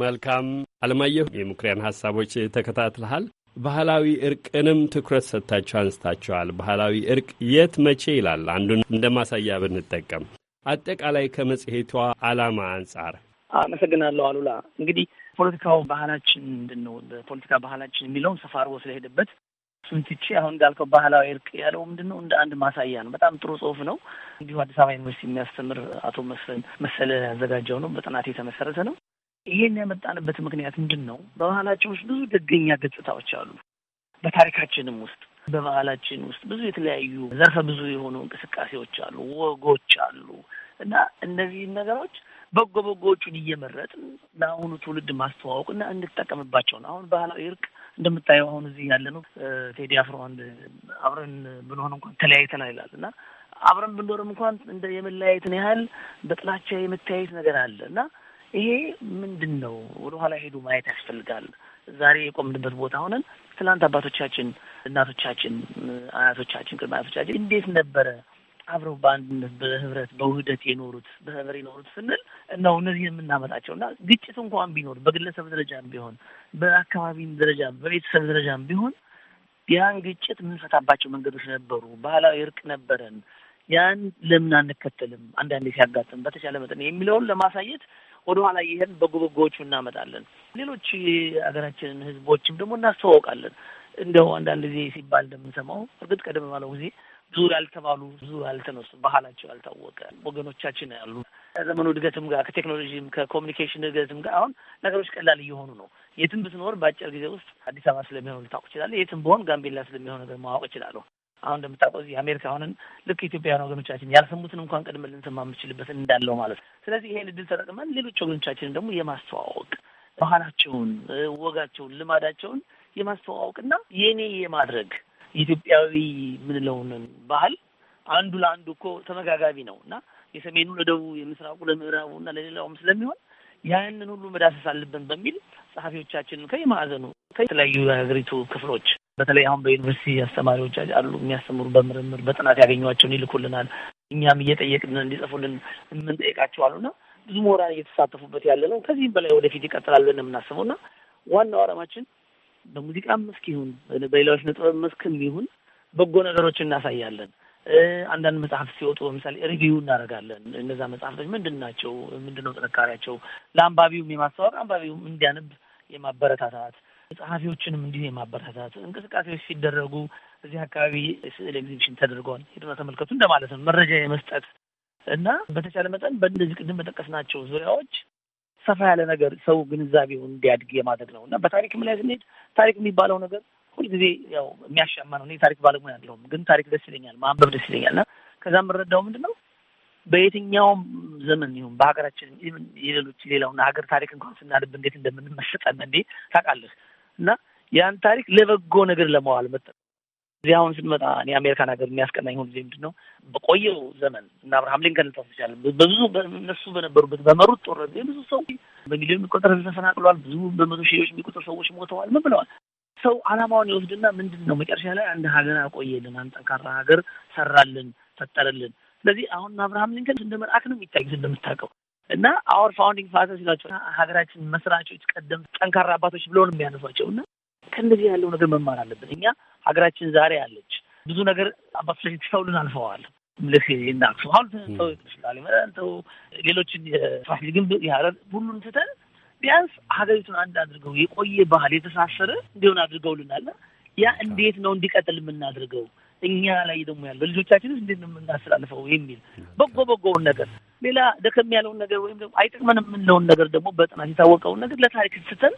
መልካም አለማየሁ፣ የምክሪያን ሀሳቦች ተከታትልሃል። ባህላዊ እርቅንም ትኩረት ሰጥታችሁ አንስታችኋል። ባህላዊ እርቅ የት መቼ ይላል። አንዱን እንደ ማሳያ ብንጠቀም አጠቃላይ ከመጽሔቷ አላማ አንጻር አመሰግናለሁ። አሉላ እንግዲህ ፖለቲካው ባህላችን ምንድን ነው? ፖለቲካ ባህላችን የሚለውን ሰፋ አድርጎ ስለሄደበት እሱን ትቼ አሁን እንዳልከው ባህላዊ እርቅ ያለው ምንድን ነው? እንደ አንድ ማሳያ ነው። በጣም ጥሩ ጽሁፍ ነው። እንዲሁ አዲስ አበባ ዩኒቨርሲቲ የሚያስተምር አቶ መሰለ ያዘጋጀው ነው። በጥናት የተመሰረተ ነው። ይሄን ያመጣንበት ምክንያት ምንድን ነው? በባህላችን ውስጥ ብዙ ደገኛ ገጽታዎች አሉ። በታሪካችንም ውስጥ በባህላችን ውስጥ ብዙ የተለያዩ ዘርፈ ብዙ የሆኑ እንቅስቃሴዎች አሉ፣ ወጎች አሉ እና እነዚህን ነገሮች በጎ በጎዎቹን እየመረጥን ለአሁኑ ትውልድ ማስተዋወቅ እና እንጠቀምባቸው ነው። አሁን ባህላዊ እርቅ እንደምታየው አሁን እዚህ ያለ ነው። ቴዲ አፍሮ አንድ አብረን ብንሆን እንኳን ተለያይተናል ይላል እና አብረን ብንኖርም እንኳን እንደ የመለያየትን ያህል በጥላቻ የመተያየት ነገር አለ እና ይሄ ምንድን ነው? ወደኋላ ሄዱ ማየት ያስፈልጋል። ዛሬ የቆምንበት ቦታ ሆነን ትናንት አባቶቻችን፣ እናቶቻችን፣ አያቶቻችን፣ ቅድመ አያቶቻችን እንዴት ነበረ አብረው በአንድነት በህብረት በውህደት የኖሩት በህብር የኖሩት ስንል ነው እነዚህን የምናመጣቸው እና ግጭት እንኳን ቢኖር በግለሰብ ደረጃም ቢሆን በአካባቢ ደረጃ በቤተሰብ ደረጃም ቢሆን ያን ግጭት የምንፈታባቸው መንገዶች ነበሩ። ባህላዊ እርቅ ነበረን። ያን ለምን አንከተልም? አንዳንዴ ሲያጋጥም በተቻለ መጠን የሚለውን ለማሳየት ወደኋላ ይህን በጎ በጎዎቹ እናመጣለን። ሌሎች ሀገራችንን ህዝቦችም ደግሞ እናስተዋውቃለን። እንደው አንዳንድ ጊዜ ሲባል እንደምንሰማው እርግጥ ቀደም ባለው ጊዜ ብዙ ያልተባሉ ብዙ ያልተነሱ ባህላቸው ያልታወቀ ወገኖቻችን ያሉ ከዘመኑ እድገትም ጋር ከቴክኖሎጂም ከኮሚኒኬሽን እድገትም ጋር አሁን ነገሮች ቀላል እየሆኑ ነው። የትም ብትኖር በአጭር ጊዜ ውስጥ አዲስ አበባ ስለሚሆን ልታውቅ ይችላለ። የትም በሆን ጋምቤላ ስለሚሆን ነገር ማወቅ ይችላለሁ። አሁን እንደምታውቀው እዚህ አሜሪካ አሁንን ልክ ኢትዮጵያውያን ወገኖቻችን ያልሰሙትን እንኳን ቀድመ ልንሰማ የምችልበት እንዳለው ማለት ነው። ስለዚህ ይሄን እድል ተጠቅመን ሌሎች ወገኖቻችንን ደግሞ የማስተዋወቅ ባህላቸውን፣ ወጋቸውን፣ ልማዳቸውን የማስተዋወቅና የኔ የማድረግ ኢትዮጵያዊ የምንለውንን ባህል አንዱ ለአንዱ እኮ ተመጋጋቢ ነው እና የሰሜኑ ለደቡብ የምስራቁ ለምዕራቡ እና ለሌላውም ስለሚሆን ያንን ሁሉ መዳሰስ አለብን በሚል ጸሐፊዎቻችንን ከየማዕዘኑ ከተለያዩ የሀገሪቱ ክፍሎች በተለይ አሁን በዩኒቨርሲቲ አስተማሪዎች አሉ የሚያስተምሩ በምርምር በጥናት ያገኟቸውን ይልኩልናል። እኛም እየጠየቅን እንዲጽፉልን የምንጠይቃቸው አሉና ብዙ ምሁራን እየተሳተፉበት ያለ ነው። ከዚህም በላይ ወደፊት ይቀጥላለን የምናስበው እና ዋናው ዓላማችን በሙዚቃ መስክ ይሁን በሌላዎች ነጥብ መስክም ይሁን በጎ ነገሮች እናሳያለን። አንዳንድ መጽሐፍ ሲወጡ ለምሳሌ ሪቪው እናደርጋለን። እነዛ መጽሐፍቶች ምንድን ናቸው? ምንድን ነው ጥንካሬያቸው? ለአንባቢውም የማስተዋወቅ አንባቢውም እንዲያነብ የማበረታታት ጸሐፊዎችንም እንዲሁ የማበረታታት እንቅስቃሴዎች ሲደረጉ እዚህ አካባቢ ስዕል ኤግዚቢሽን ተደርገዋል፣ ሄድና ተመልከቱ እንደማለት ነው። መረጃ የመስጠት እና በተቻለ መጠን በእንደዚህ ቅድም በጠቀስናቸው ዙሪያዎች ሰፋ ያለ ነገር ሰው ግንዛቤው እንዲያድግ የማድረግ ነው እና በታሪክም ላይ ስንሄድ ታሪክ የሚባለው ነገር ሁልጊዜ ያው የሚያሻማ ነው። የታሪክ ባለሙያ ያለውም ግን ታሪክ ደስ ይለኛል፣ ማንበብ ደስ ይለኛል እና ከዛ የምንረዳው ምንድን ነው በየትኛውም ዘመን ይሁን በሀገራችን የሌሎች ሌላውን ሀገር ታሪክ እንኳን ስናድብ እንዴት እንደምንመሰጠን እንዴ ታውቃለህ እና ያን ታሪክ ለበጎ ነገር ለመዋል መጠ እዚህ አሁን ስንመጣ እኔ አሜሪካን ሀገር የሚያስቀናኝ ሁሉ ጊዜ ምንድን ነው በቆየው ዘመን እና አብርሃም ሊንከን ልጠፍ ይችላል። በብዙ እነሱ በነበሩበት በመሩት ጦርነት ብዙ ሰው በሚሊዮን የሚቆጠር ህዝብ ተፈናቅሏል። ብዙ በመቶ ሺዎች የሚቆጠር ሰዎች ሞተዋል። ምን ብለዋል? ሰው አላማውን ይወስድና ምንድን ነው መጨረሻ ላይ አንድ ሀገር አቆየልን፣ አንድ ጠንካራ ሀገር ሰራልን፣ ፈጠረልን። ስለዚህ አሁን አብርሃም ሊንከን እንደ መልአክ ነው የሚታይ እንደምታውቀው እና አወር ፋውንዲንግ ፋዘርስ ይሏቸው ሀገራችን መስራቾች ቀደም ጠንካራ አባቶች ብለው የሚያነሷቸው። እና ከእንደዚህ ያለው ነገር መማር አለብን። እኛ ሀገራችን ዛሬ አለች ብዙ ነገር አባቶቻችን ትተውልን አልፈዋል። ልክ ይናቅሱ አሁን ተው ይችላል ተው ሌሎችን የፋሲል ግንብ ያረር ሁሉን ትተን ቢያንስ ሀገሪቱን አንድ አድርገው የቆየ ባህል የተሳሰረ እንዲሆን አድርገውልናል። ያ እንዴት ነው እንዲቀጥል የምናድርገው? እኛ ላይ ደግሞ ያለ በልጆቻችን እንዴት ነው የምናስተላልፈው የሚል በጎ በጎውን ነገር ሌላ ደከም ያለውን ነገር ወይም ደግሞ አይጠቅመን የምንለውን ነገር ደግሞ በጥናት የታወቀውን ነገር ለታሪክ ስተን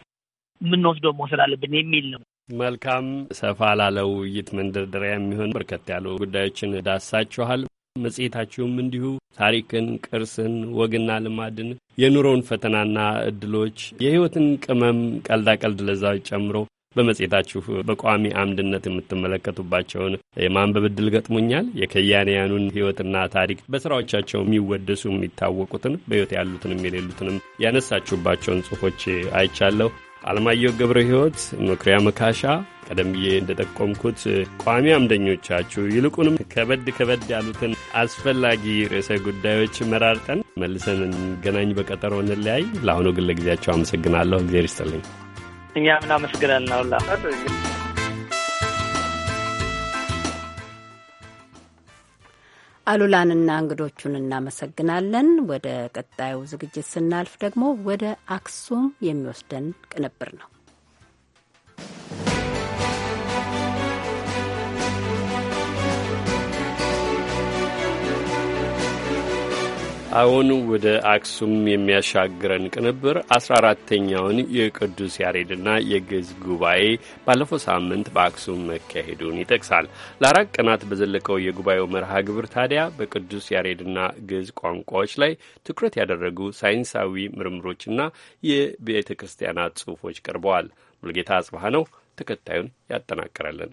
የምንወስደው መውሰድ አለብን የሚል ነው። መልካም ሰፋ ላለው ውይይት መንደርደሪያ የሚሆን በርከት ያሉ ጉዳዮችን ዳሳችኋል። መጽሔታችሁም እንዲሁ ታሪክን፣ ቅርስን፣ ወግና ልማድን፣ የኑሮውን ፈተናና እድሎች፣ የህይወትን ቅመም ቀልዳቀልድ ለዛዎች ጨምሮ በመጽሔታችሁ በቋሚ አምድነት የምትመለከቱባቸውን የማንበብ እድል ገጥሞኛል። የከያንያኑን ሕይወትና ታሪክ በስራዎቻቸው የሚወደሱ የሚታወቁትን በሕይወት ያሉትንም የሌሉትንም ያነሳችሁባቸውን ጽሁፎች አይቻለሁ። አለማየሁ ገብረ ሕይወት፣ መኩሪያ መካሻ ቀደም ብዬ እንደጠቆምኩት ቋሚ አምደኞቻችሁ ይልቁንም ከበድ ከበድ ያሉትን አስፈላጊ ርዕሰ ጉዳዮች መራርጠን መልሰን እንገናኝ፣ በቀጠሮ እንለያይ። ለአሁኑ ግን ለጊዜያቸው አመሰግናለሁ። እግዜር ይስጥልኝ። እኛም እናመሰግናለን አሉላ። አሉላንና እንግዶቹን እናመሰግናለን። ወደ ቀጣዩ ዝግጅት ስናልፍ ደግሞ ወደ አክሱም የሚወስደን ቅንብር ነው። አሁን ወደ አክሱም የሚያሻግረን ቅንብር አስራ አራተኛውን የቅዱስ ያሬድና የግዕዝ ጉባኤ ባለፈው ሳምንት በአክሱም መካሄዱን ይጠቅሳል። ለአራት ቀናት በዘለቀው የጉባኤው መርሃ ግብር ታዲያ በቅዱስ ያሬድና ግዕዝ ቋንቋዎች ላይ ትኩረት ያደረጉ ሳይንሳዊ ምርምሮችና የቤተ ክርስቲያናት ጽሑፎች ቀርበዋል። ሙልጌታ አጽባህ ነው ተከታዩን ያጠናቅራለን።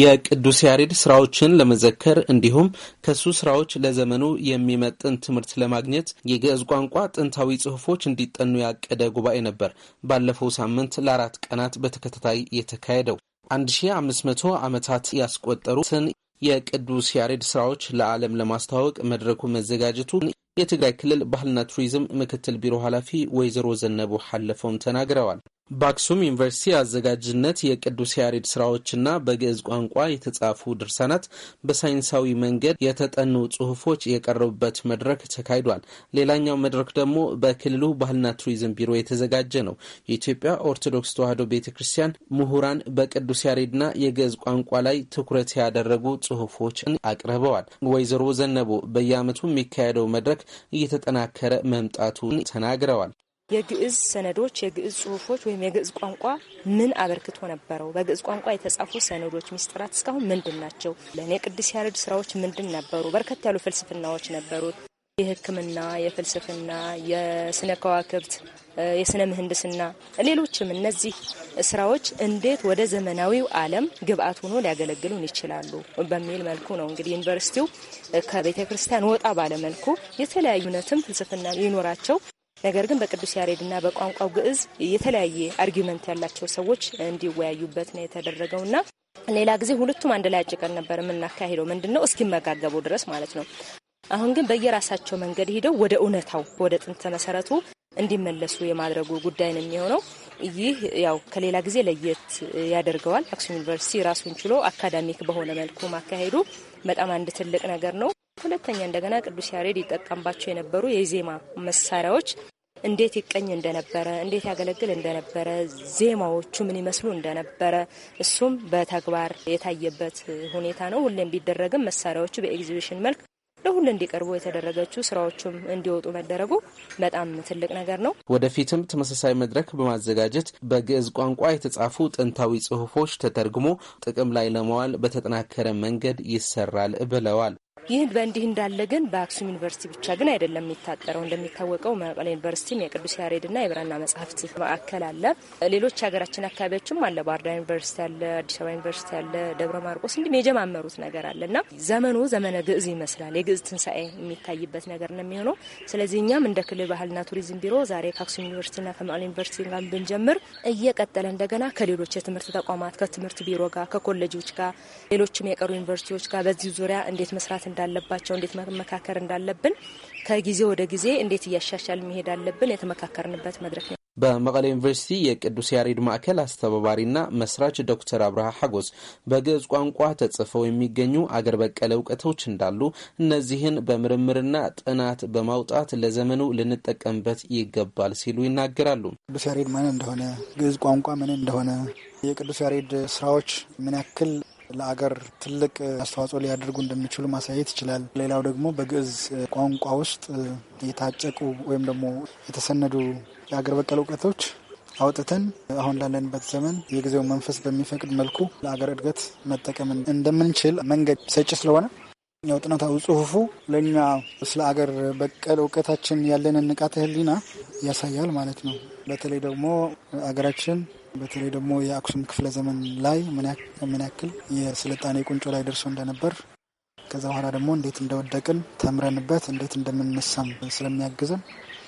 የቅዱስ ያሬድ ስራዎችን ለመዘከር እንዲሁም ከሱ ስራዎች ለዘመኑ የሚመጥን ትምህርት ለማግኘት የግዕዝ ቋንቋ ጥንታዊ ጽሁፎች እንዲጠኑ ያቀደ ጉባኤ ነበር ባለፈው ሳምንት ለአራት ቀናት በተከታታይ የተካሄደው። 1500 ዓመታት ያስቆጠሩትን የቅዱስ ያሬድ ስራዎች ለዓለም ለማስተዋወቅ መድረኩ መዘጋጀቱ የትግራይ ክልል ባህልና ቱሪዝም ምክትል ቢሮ ኃላፊ ወይዘሮ ዘነቡ ሐለፈውም ተናግረዋል። በአክሱም ዩኒቨርሲቲ አዘጋጅነት የቅዱስ ያሬድ ስራዎችና በግዕዝ ቋንቋ የተጻፉ ድርሳናት በሳይንሳዊ መንገድ የተጠኑ ጽሁፎች የቀረቡበት መድረክ ተካሂዷል። ሌላኛው መድረክ ደግሞ በክልሉ ባህልና ቱሪዝም ቢሮ የተዘጋጀ ነው። የኢትዮጵያ ኦርቶዶክስ ተዋሕዶ ቤተ ክርስቲያን ምሁራን በቅዱስ ያሬድና የግዕዝ ቋንቋ ላይ ትኩረት ያደረጉ ጽሁፎችን አቅርበዋል። ወይዘሮ ዘነቦ በየዓመቱ የሚካሄደው መድረክ እየተጠናከረ መምጣቱን ተናግረዋል። የግዕዝ ሰነዶች፣ የግዕዝ ጽሁፎች ወይም የግዕዝ ቋንቋ ምን አበርክቶ ነበረው? በግዕዝ ቋንቋ የተጻፉ ሰነዶች ሚስጥራት እስካሁን ምንድን ናቸው? ለእኔ ቅዱስ ያሬድ ስራዎች ምንድን ነበሩ? በርከት ያሉ ፍልስፍናዎች ነበሩት። የሕክምና፣ የፍልስፍና፣ የስነ ከዋክብት፣ የስነ ምህንድስና፣ ሌሎችም እነዚህ ስራዎች እንዴት ወደ ዘመናዊው ዓለም ግብአት ሆኖ ሊያገለግሉን ይችላሉ በሚል መልኩ ነው እንግዲህ ዩኒቨርሲቲው ከቤተ ክርስቲያን ወጣ ባለ መልኩ የተለያዩ ነትም ፍልስፍና ሊኖራቸው ነገር ግን በቅዱስ ያሬድና በቋንቋው ግዕዝ የተለያየ አርጊመንት ያላቸው ሰዎች እንዲወያዩበት ነው የተደረገው እና ሌላ ጊዜ ሁለቱም አንድ ላይ አጭቀን ነበር የምናካሄደው ምንድን ነው እስኪመጋገቡ ድረስ ማለት ነው። አሁን ግን በየራሳቸው መንገድ ሂደው ወደ እውነታው ወደ ጥንት መሰረቱ እንዲመለሱ የማድረጉ ጉዳይ ነው የሚሆነው። ይህ ያው ከሌላ ጊዜ ለየት ያደርገዋል። አክሱም ዩኒቨርሲቲ ራሱን ችሎ አካዳሚክ በሆነ መልኩ ማካሄዱ በጣም አንድ ትልቅ ነገር ነው። ሁለተኛ እንደገና ቅዱስ ያሬድ ይጠቀምባቸው የነበሩ የዜማ መሳሪያዎች እንዴት ይቀኝ እንደነበረ እንዴት ያገለግል እንደነበረ ዜማዎቹ ምን ይመስሉ እንደነበረ እሱም በተግባር የታየበት ሁኔታ ነው። ሁሌም ቢደረግም መሳሪያዎቹ በኤግዚቢሽን መልክ ለሁሉ እንዲቀርቡ የተደረገችው ስራዎቹም እንዲወጡ መደረጉ በጣም ትልቅ ነገር ነው። ወደፊትም ተመሳሳይ መድረክ በማዘጋጀት በግዕዝ ቋንቋ የተጻፉ ጥንታዊ ጽሁፎች ተተርግሞ ጥቅም ላይ ለመዋል በተጠናከረ መንገድ ይሰራል ብለዋል ይህ በእንዲህ እንዳለ ግን በአክሱም ዩኒቨርሲቲ ብቻ ግን አይደለም የሚታጠረው። እንደሚታወቀው መቀሌ ዩኒቨርሲቲም የቅዱስ ያሬድና የብራና መጽሐፍት ማዕከል አለ። ሌሎች የሀገራችን አካባቢዎችም አለ። ባህርዳር ዩኒቨርሲቲ አለ፣ አዲስ አበባ ዩኒቨርሲቲ አለ፣ ደብረ ማርቆስ እንዲሁም የጀማመሩት ነገር አለ እና ዘመኑ ዘመነ ግዕዝ ይመስላል። የግዕዝ ትንሣኤ የሚታይበት ነገር ነው የሚሆነው። ስለዚህ እኛም እንደ ክልል ባህልና ቱሪዝም ቢሮ ዛሬ ከአክሱም ዩኒቨርሲቲና ከመቀለ ዩኒቨርሲቲ ጋር ብንጀምር እየቀጠለ እንደገና ከሌሎች የትምህርት ተቋማት ከትምህርት ቢሮ ጋር ከኮሌጆች ጋር ሌሎችም የቀሩ ዩኒቨርሲቲዎች ጋር በዚህ ዙሪያ እንዴት መስራት እንዳለባቸው፣ እንዴት መመካከር እንዳለብን ከጊዜ ወደ ጊዜ እንዴት እያሻሻል መሄድ አለብን የተመካከርንበት መድረክ ነው። በመቀለ ዩኒቨርሲቲ የቅዱስ ያሬድ ማዕከል አስተባባሪና መስራች ዶክተር አብርሃ ሐጎስ በግዕዝ ቋንቋ ተጽፈው የሚገኙ አገር በቀል እውቀቶች እንዳሉ እነዚህን በምርምርና ጥናት በማውጣት ለዘመኑ ልንጠቀምበት ይገባል ሲሉ ይናገራሉ። ቅዱስ ያሬድ ምን እንደሆነ፣ ግዕዝ ቋንቋ ምን እንደሆነ፣ የቅዱስ ያሬድ ስራዎች ምን ያክል ለአገር ትልቅ አስተዋጽኦ ሊያደርጉ እንደሚችሉ ማሳየት ይችላል። ሌላው ደግሞ በግዕዝ ቋንቋ ውስጥ የታጨቁ ወይም ደግሞ የተሰነዱ የአገር በቀል እውቀቶች አውጥተን አሁን ላለንበት ዘመን የጊዜው መንፈስ በሚፈቅድ መልኩ ለአገር እድገት መጠቀም እንደምንችል መንገድ ሰጪ ስለሆነ ያው ጥናታዊ ጽሁፉ ለእኛ ስለ አገር በቀል እውቀታችን ያለንን ንቃተ ህሊና ያሳያል ማለት ነው። በተለይ ደግሞ አገራችን በተለይ ደግሞ የአክሱም ክፍለ ዘመን ላይ ምን ያክል የስልጣኔ ቁንጮ ላይ ደርሶ እንደነበር ከዛ በኋላ ደግሞ እንዴት እንደወደቅን ተምረንበት እንዴት እንደምንነሳም ስለሚያግዘን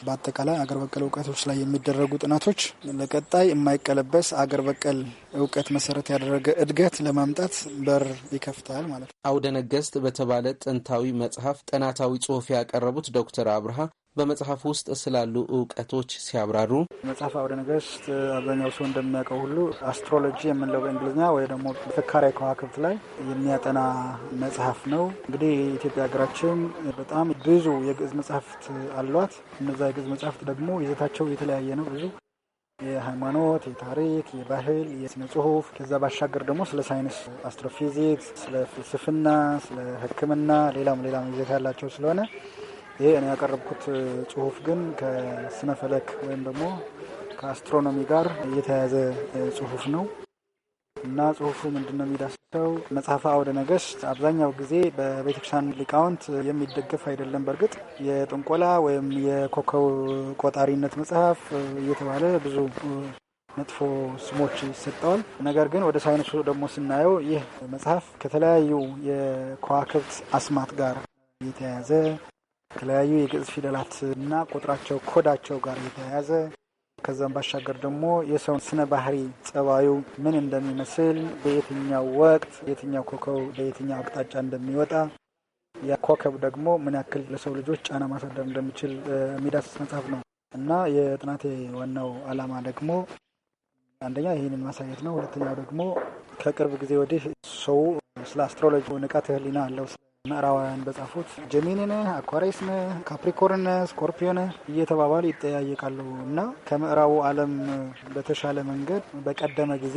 በአጠቃላይ አገር በቀል እውቀቶች ላይ የሚደረጉ ጥናቶች ለቀጣይ የማይቀለበስ አገር በቀል እውቀት መሰረት ያደረገ እድገት ለማምጣት በር ይከፍታል ማለት ነው። አውደ ነገስት በተባለ ጥንታዊ መጽሐፍ ጥናታዊ ጽሁፍ ያቀረቡት ዶክተር አብርሃ በመጽሐፍ ውስጥ ስላሉ እውቀቶች ሲያብራሩ መጽሐፍ አውደ ነገሥት አብዛኛው ሰው እንደሚያውቀው ሁሉ አስትሮሎጂ የምንለው በእንግሊዝኛ ወይ ደግሞ ፍካሬ ከዋክብት ላይ የሚያጠና መጽሐፍ ነው። እንግዲህ የኢትዮጵያ ሀገራችን በጣም ብዙ የግዕዝ መጽሐፍት አሏት። እነዛ የግዕዝ መጽሐፍት ደግሞ ይዘታቸው የተለያየ ነው። ብዙ የሃይማኖት፣ የታሪክ፣ የባህል፣ የስነ ጽሁፍ ከዛ ባሻገር ደግሞ ስለ ሳይንስ፣ አስትሮፊዚክስ፣ ስለ ፍልስፍና፣ ስለ ሕክምና ሌላም ሌላም ይዘት ያላቸው ስለሆነ ይሄ እኔ ያቀረብኩት ጽሁፍ ግን ከስነፈለክ ወይም ደግሞ ከአስትሮኖሚ ጋር የተያያዘ ጽሁፍ ነው እና ጽሁፉ ምንድን ነው የሚዳስሰው መጽሐፈ አውደ ነገስት አብዛኛው ጊዜ በቤተክርስቲያን ሊቃውንት የሚደገፍ አይደለም። በእርግጥ የጥንቆላ ወይም የኮከብ ቆጣሪነት መጽሐፍ እየተባለ ብዙ መጥፎ ስሞች ይሰጠዋል። ነገር ግን ወደ ሳይንሱ ደግሞ ስናየው ይህ መጽሐፍ ከተለያዩ የከዋክብት አስማት ጋር የተያያዘ የተለያዩ የግዕዝ ፊደላት እና ቁጥራቸው ኮዳቸው ጋር የተያያዘ ከዛም ባሻገር ደግሞ የሰው ስነ ባህሪ ጸባዩ ምን እንደሚመስል በየትኛው ወቅት የትኛው ኮከብ በየትኛው አቅጣጫ እንደሚወጣ ኮከብ ደግሞ ምን ያክል ለሰው ልጆች ጫና ማሳደር እንደሚችል የሚዳስስ መጽሐፍ ነው እና የጥናቴ ዋናው ዓላማ ደግሞ አንደኛ ይህንን ማሳየት ነው። ሁለተኛው ደግሞ ከቅርብ ጊዜ ወዲህ ሰው ስለ አስትሮሎጂ ንቃተ ህሊና አለው ምዕራባውያን በጻፉት ጀሚኒን፣ አኳሬስን፣ ካፕሪኮርን፣ ስኮርፒዮን እየተባባሉ ይጠያየቃሉ እና ከምዕራቡ ዓለም በተሻለ መንገድ በቀደመ ጊዜ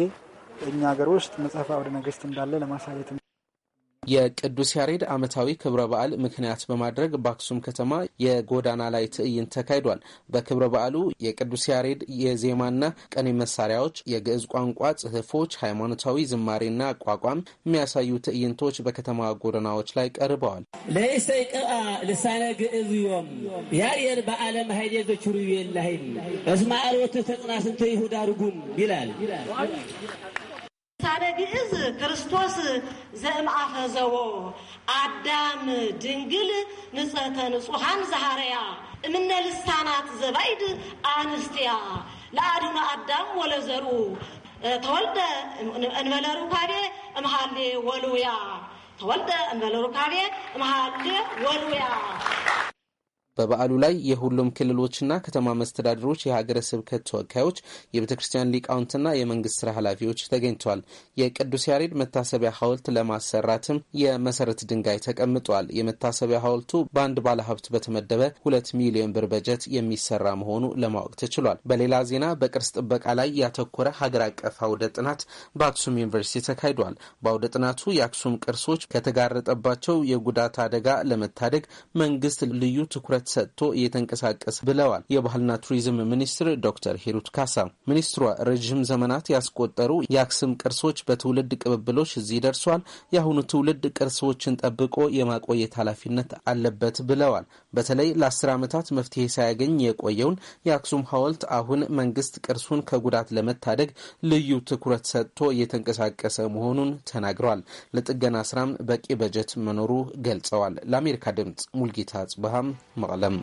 እኛ ሀገር ውስጥ መጽሐፈ አውደ ነገስት እንዳለ ለማሳየት የቅዱስ ያሬድ ዓመታዊ ክብረ በዓል ምክንያት በማድረግ በአክሱም ከተማ የጎዳና ላይ ትዕይንት ተካሂዷል። በክብረ በዓሉ የቅዱስ ያሬድ የዜማና ቀኔ መሳሪያዎች፣ የግዕዝ ቋንቋ ጽሑፎች፣ ሃይማኖታዊ ዝማሬና አቋቋም የሚያሳዩ ትዕይንቶች በከተማ ጎዳናዎች ላይ ቀርበዋል። ለእሰይ ቅብአ ልሳነ ግዕዝ ዮም ያሬድ በዓለም ሀይሌ ዘችሩ የላሂም እስማኤል ተጽናስንተ ይሁዳ ርጉም ይላል ትንታነ ግዕዝ ክርስቶስ ዘእምአፈዘዎ አዳም ድንግል ንጸተ ንጹሓን ዘሃረያ እምነ ልሳናት ዘባይድ አንስትያ ለአድነ አዳም ወለዘርኡ ተወልደ እንበለ ሩካቤ እምሃሌ ወልውያ ተወልደ እንበለ ሩካቤ እምሃሌ ወልውያ በበዓሉ ላይ የሁሉም ክልሎችና ከተማ መስተዳድሮች የሀገረ ስብከት ተወካዮች፣ የቤተ ክርስቲያን ሊቃውንትና የመንግስት ስራ ኃላፊዎች ተገኝተዋል። የቅዱስ ያሬድ መታሰቢያ ሐውልት ለማሰራትም የመሰረት ድንጋይ ተቀምጧል። የመታሰቢያ ሐውልቱ በአንድ ባለሀብት በተመደበ ሁለት ሚሊዮን ብር በጀት የሚሰራ መሆኑ ለማወቅ ተችሏል። በሌላ ዜና በቅርስ ጥበቃ ላይ ያተኮረ ሀገር አቀፍ አውደ ጥናት በአክሱም ዩኒቨርሲቲ ተካሂዷል። በአውደ ጥናቱ የአክሱም ቅርሶች ከተጋረጠባቸው የጉዳት አደጋ ለመታደግ መንግስት ልዩ ትኩረት ትኩረት ሰጥቶ እየተንቀሳቀስ ብለዋል የባህልና ቱሪዝም ሚኒስትር ዶክተር ሂሩት ካሳ። ሚኒስትሯ ረዥም ዘመናት ያስቆጠሩ የአክሱም ቅርሶች በትውልድ ቅብብሎች እዚህ ደርሷል። የአሁኑ ትውልድ ቅርሶችን ጠብቆ የማቆየት ኃላፊነት አለበት ብለዋል። በተለይ ለአስር ዓመታት መፍትሄ ሳያገኝ የቆየውን የአክሱም ሐውልት አሁን መንግስት ቅርሱን ከጉዳት ለመታደግ ልዩ ትኩረት ሰጥቶ እየተንቀሳቀሰ መሆኑን ተናግረዋል። ለጥገና ስራም በቂ በጀት መኖሩ ገልጸዋል። ለአሜሪካ ድምጽ ሙልጌታ ጽብሃም መቀለ ዓለም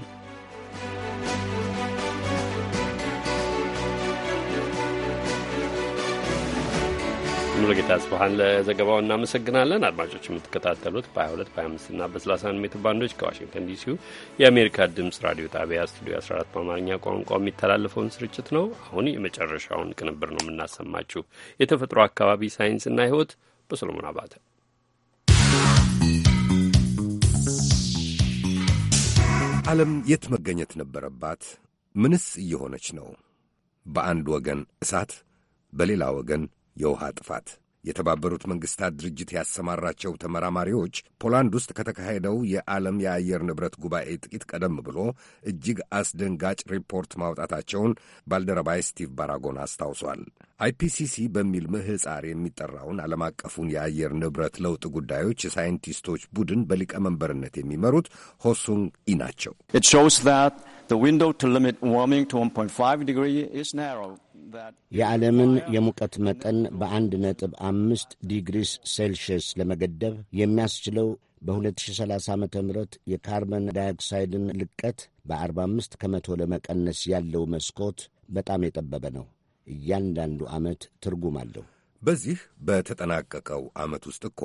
ሙሉጌታ ጽብሃን ለዘገባው እናመሰግናለን። አድማጮች የምትከታተሉት በ22 በ25ና በ31 ሜትር ባንዶች ከዋሽንግተን ዲሲው የአሜሪካ ድምፅ ራዲዮ ጣቢያ ስቱዲዮ 14 በአማርኛ ቋንቋ የሚተላለፈውን ስርጭት ነው። አሁን የመጨረሻውን ቅንብር ነው የምናሰማችሁ። የተፈጥሮ አካባቢ ሳይንስና ሕይወት በሰሎሞን አባተ ዓለም የት መገኘት ነበረባት? ምንስ እየሆነች ነው? በአንድ ወገን እሳት፣ በሌላ ወገን የውሃ ጥፋት የተባበሩት መንግስታት ድርጅት ያሰማራቸው ተመራማሪዎች ፖላንድ ውስጥ ከተካሄደው የዓለም የአየር ንብረት ጉባኤ ጥቂት ቀደም ብሎ እጅግ አስደንጋጭ ሪፖርት ማውጣታቸውን ባልደረባይ ስቲቭ ባራጎን አስታውሷል። አይፒሲሲ በሚል ምህፃር የሚጠራውን ዓለም አቀፉን የአየር ንብረት ለውጥ ጉዳዮች የሳይንቲስቶች ቡድን በሊቀመንበርነት የሚመሩት ሆሱንግ ኢ ናቸው። የዓለምን የሙቀት መጠን በአንድ ነጥብ አምስት ዲግሪስ ሴልሽየስ ለመገደብ የሚያስችለው በ2030 ዓ ም የካርበን ዳይኦክሳይድን ልቀት በ45 ከመቶ ለመቀነስ ያለው መስኮት በጣም የጠበበ ነው። እያንዳንዱ ዓመት ትርጉም አለው። በዚህ በተጠናቀቀው ዓመት ውስጥ እኮ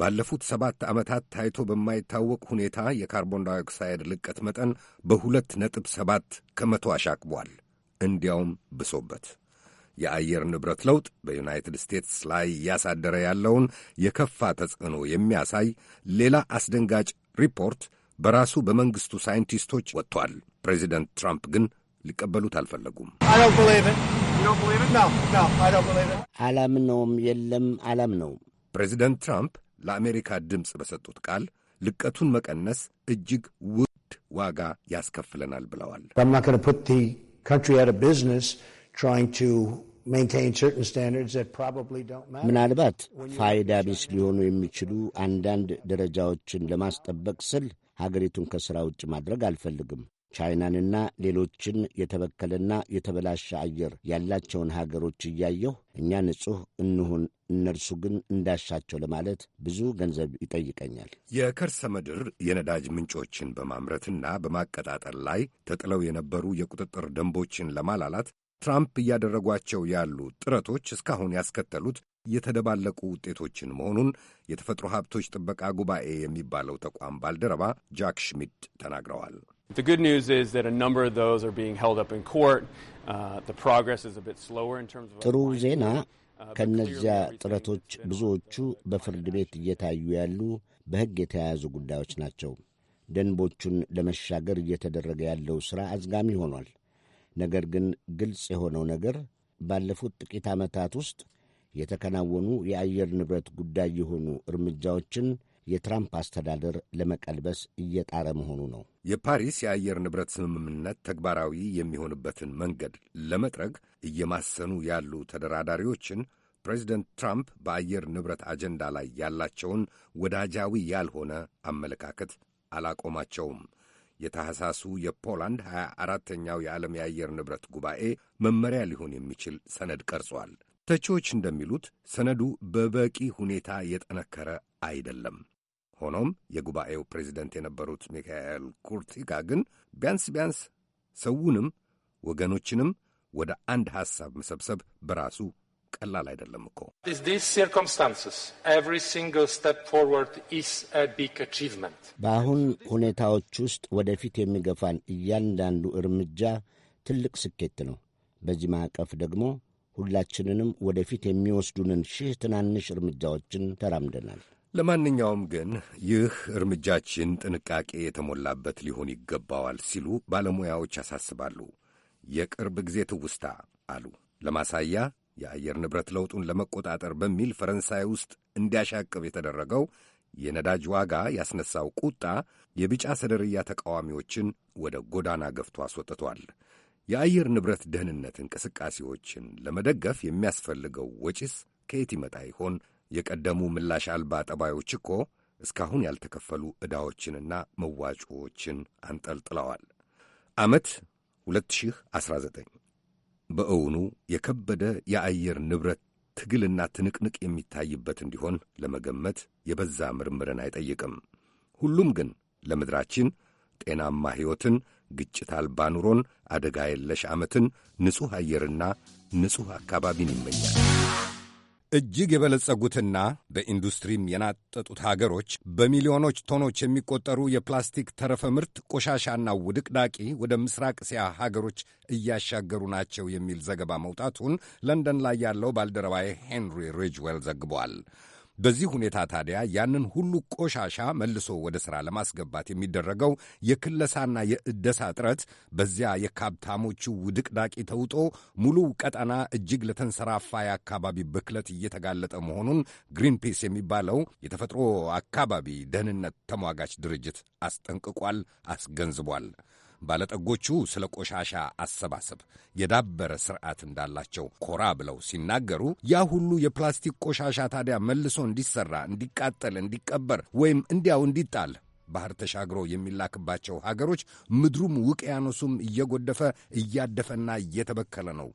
ባለፉት ሰባት ዓመታት ታይቶ በማይታወቅ ሁኔታ የካርቦን ዳይኦክሳይድ ልቀት መጠን በሁለት ነጥብ ሰባት ከመቶ አሻቅቧል። እንዲያውም ብሶበት የአየር ንብረት ለውጥ በዩናይትድ ስቴትስ ላይ እያሳደረ ያለውን የከፋ ተጽዕኖ የሚያሳይ ሌላ አስደንጋጭ ሪፖርት በራሱ በመንግሥቱ ሳይንቲስቶች ወጥቷል። ፕሬዚደንት ትራምፕ ግን ሊቀበሉት አልፈለጉም። አላምነውም፣ የለም አላምነውም። ፕሬዚደንት ትራምፕ ለአሜሪካ ድምፅ በሰጡት ቃል ልቀቱን መቀነስ እጅግ ውድ ዋጋ ያስከፍለናል ብለዋል። ምናልባት ፋይዳ ቢስ ሊሆኑ የሚችሉ አንዳንድ ደረጃዎችን ለማስጠበቅ ስል ሀገሪቱን ከሥራ ውጭ ማድረግ አልፈልግም። ቻይናንና ሌሎችን የተበከለና የተበላሸ አየር ያላቸውን ሀገሮች እያየሁ እኛ ንጹሕ እንሁን፣ እነርሱ ግን እንዳሻቸው ለማለት ብዙ ገንዘብ ይጠይቀኛል። የከርሰ ምድር የነዳጅ ምንጮችን በማምረትና በማቀጣጠር ላይ ተጥለው የነበሩ የቁጥጥር ደንቦችን ለማላላት ትራምፕ እያደረጓቸው ያሉ ጥረቶች እስካሁን ያስከተሉት የተደባለቁ ውጤቶችን መሆኑን የተፈጥሮ ሀብቶች ጥበቃ ጉባኤ የሚባለው ተቋም ባልደረባ ጃክ ሽሚድ ተናግረዋል። uh, ጥሩ ዜና uh, ከእነዚያ ጥረቶች ብዙዎቹ በፍርድ ቤት እየታዩ ያሉ በሕግ የተያያዙ ጉዳዮች ናቸው። ደንቦቹን ለመሻገር እየተደረገ ያለው ሥራ አዝጋሚ ሆኗል። ነገር ግን ግልጽ የሆነው ነገር ባለፉት ጥቂት ዓመታት ውስጥ የተከናወኑ የአየር ንብረት ጉዳይ የሆኑ እርምጃዎችን የትራምፕ አስተዳደር ለመቀልበስ እየጣረ መሆኑ ነው። የፓሪስ የአየር ንብረት ስምምነት ተግባራዊ የሚሆንበትን መንገድ ለመጥረግ እየማሰኑ ያሉ ተደራዳሪዎችን ፕሬዚደንት ትራምፕ በአየር ንብረት አጀንዳ ላይ ያላቸውን ወዳጃዊ ያልሆነ አመለካከት አላቆማቸውም። የታህሳሱ የፖላንድ 24ተኛው የዓለም የአየር ንብረት ጉባኤ መመሪያ ሊሆን የሚችል ሰነድ ቀርጿል። ተቺዎች እንደሚሉት ሰነዱ በበቂ ሁኔታ የጠነከረ አይደለም። ሆኖም የጉባኤው ፕሬዚደንት የነበሩት ሚካኤል ኩርቲካ ግን ቢያንስ ቢያንስ ሰውንም ወገኖችንም ወደ አንድ ሐሳብ መሰብሰብ በራሱ ቀላል አይደለም እኮ። በአሁን ሁኔታዎች ውስጥ ወደፊት የሚገፋን እያንዳንዱ እርምጃ ትልቅ ስኬት ነው። በዚህ ማዕቀፍ ደግሞ ሁላችንንም ወደፊት የሚወስዱንን ሺህ ትናንሽ እርምጃዎችን ተራምደናል። ለማንኛውም ግን ይህ እርምጃችን ጥንቃቄ የተሞላበት ሊሆን ይገባዋል ሲሉ ባለሙያዎች ያሳስባሉ። የቅርብ ጊዜ ትውስታ አሉ ለማሳያ የአየር ንብረት ለውጡን ለመቆጣጠር በሚል ፈረንሳይ ውስጥ እንዲያሻቅብ የተደረገው የነዳጅ ዋጋ ያስነሳው ቁጣ የቢጫ ሰደርያ ተቃዋሚዎችን ወደ ጎዳና ገፍቶ አስወጥቷል። የአየር ንብረት ደህንነት እንቅስቃሴዎችን ለመደገፍ የሚያስፈልገው ወጪስ ከየት ይመጣ ይሆን? የቀደሙ ምላሽ አልባ ጠባዮች እኮ እስካሁን ያልተከፈሉ ዕዳዎችንና መዋጮዎችን አንጠልጥለዋል። ዓመት 2019 በእውኑ የከበደ የአየር ንብረት ትግልና ትንቅንቅ የሚታይበት እንዲሆን ለመገመት የበዛ ምርምርን አይጠይቅም። ሁሉም ግን ለምድራችን ጤናማ ሕይወትን፣ ግጭት አልባ ኑሮን፣ አደጋ የለሽ ዓመትን፣ ንጹሕ አየርና ንጹሕ አካባቢን ይመኛል። እጅግ የበለጸጉትና በኢንዱስትሪም የናጠጡት ሀገሮች በሚሊዮኖች ቶኖች የሚቆጠሩ የፕላስቲክ ተረፈ ምርት ቆሻሻና ውድቅዳቂ ወደ ምስራቅ እስያ ሀገሮች እያሻገሩ ናቸው የሚል ዘገባ መውጣቱን ለንደን ላይ ያለው ባልደረባዬ ሄንሪ ሪጅዌል ዘግቧል። በዚህ ሁኔታ ታዲያ ያንን ሁሉ ቆሻሻ መልሶ ወደ ሥራ ለማስገባት የሚደረገው የክለሳና የእደሳ ጥረት በዚያ የካብታሞቹ ውድቅዳቂ ተውጦ ሙሉ ቀጠና እጅግ ለተንሰራፋ የአካባቢ ብክለት እየተጋለጠ መሆኑን ግሪንፒስ የሚባለው የተፈጥሮ አካባቢ ደህንነት ተሟጋች ድርጅት አስጠንቅቋል፣ አስገንዝቧል። ባለጠጎቹ ስለ ቆሻሻ አሰባሰብ የዳበረ ስርዓት እንዳላቸው ኮራ ብለው ሲናገሩ ያ ሁሉ የፕላስቲክ ቆሻሻ ታዲያ መልሶ እንዲሰራ፣ እንዲቃጠል፣ እንዲቀበር ወይም እንዲያው እንዲጣል ባህር ተሻግሮ የሚላክባቸው ሀገሮች ምድሩም ውቅያኖሱም እየጎደፈ እያደፈና እየተበከለ ነው።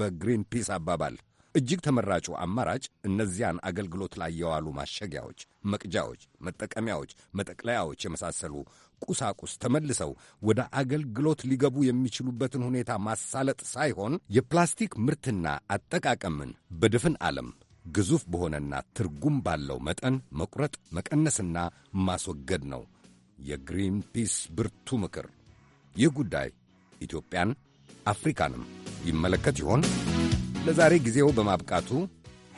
በግሪንፒስ አባባል እጅግ ተመራጩ አማራጭ እነዚያን አገልግሎት ላይ የዋሉ ማሸጊያዎች፣ መቅጃዎች፣ መጠቀሚያዎች፣ መጠቅለያዎች የመሳሰሉ ቁሳቁስ ተመልሰው ወደ አገልግሎት ሊገቡ የሚችሉበትን ሁኔታ ማሳለጥ ሳይሆን የፕላስቲክ ምርትና አጠቃቀምን በድፍን ዓለም ግዙፍ በሆነና ትርጉም ባለው መጠን መቁረጥ፣ መቀነስና ማስወገድ ነው የግሪን ፒስ ብርቱ ምክር። ይህ ጉዳይ ኢትዮጵያን አፍሪካንም ይመለከት ይሆን? ለዛሬ ጊዜው በማብቃቱ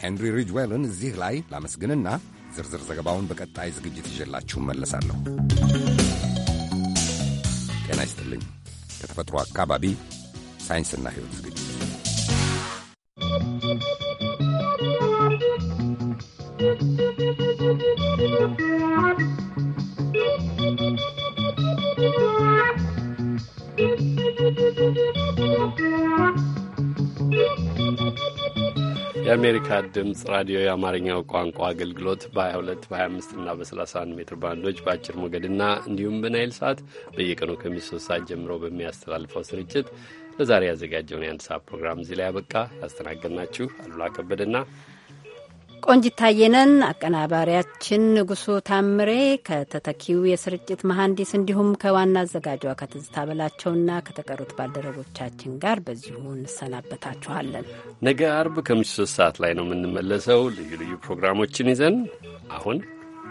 ሄንሪ ሪጅዌልን እዚህ ላይ ላመስግንና ዝርዝር ዘገባውን በቀጣይ ዝግጅት ይዤላችሁ መለሳለሁ። ጤና ይስጥልኝ። ከተፈጥሮ አካባቢ ሳይንስና ሕይወት ዝግጅት Thank you. የአሜሪካ ድምፅ ራዲዮ የአማርኛው ቋንቋ አገልግሎት በ22 በ25 እና በ31 ሜትር ባንዶች በአጭር ሞገድና እንዲሁም በናይል ሰዓት በየቀኑ ከምሽቱ ሰዓት ጀምሮ በሚያስተላልፈው ስርጭት ለዛሬ ያዘጋጀውን የአንድ ሰዓት ፕሮግራም እዚህ ላይ ያበቃ። ያስተናገድናችሁ አሉላ ከበደና ቆንጅታየነን አቀናባሪያችን ንጉሱ ታምሬ ከተተኪው የስርጭት መሐንዲስ እንዲሁም ከዋና አዘጋጇ ከትዝታ በላቸውና ከተቀሩት ባልደረቦቻችን ጋር በዚሁ እንሰናበታችኋለን። ነገ አርብ ከምሽቱ ሶስት ሰዓት ላይ ነው የምንመለሰው ልዩ ልዩ ፕሮግራሞችን ይዘን አሁን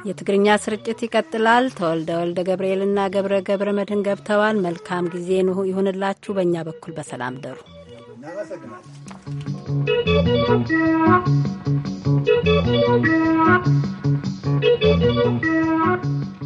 የትግርኛ ስርጭት ይቀጥላል። ተወልደ ወልደ ገብርኤልና ገብረ ገብረ መድህን ገብተዋል። መልካም ጊዜ ይሁንላችሁ። በእኛ በኩል በሰላም ደሩ። Thank you.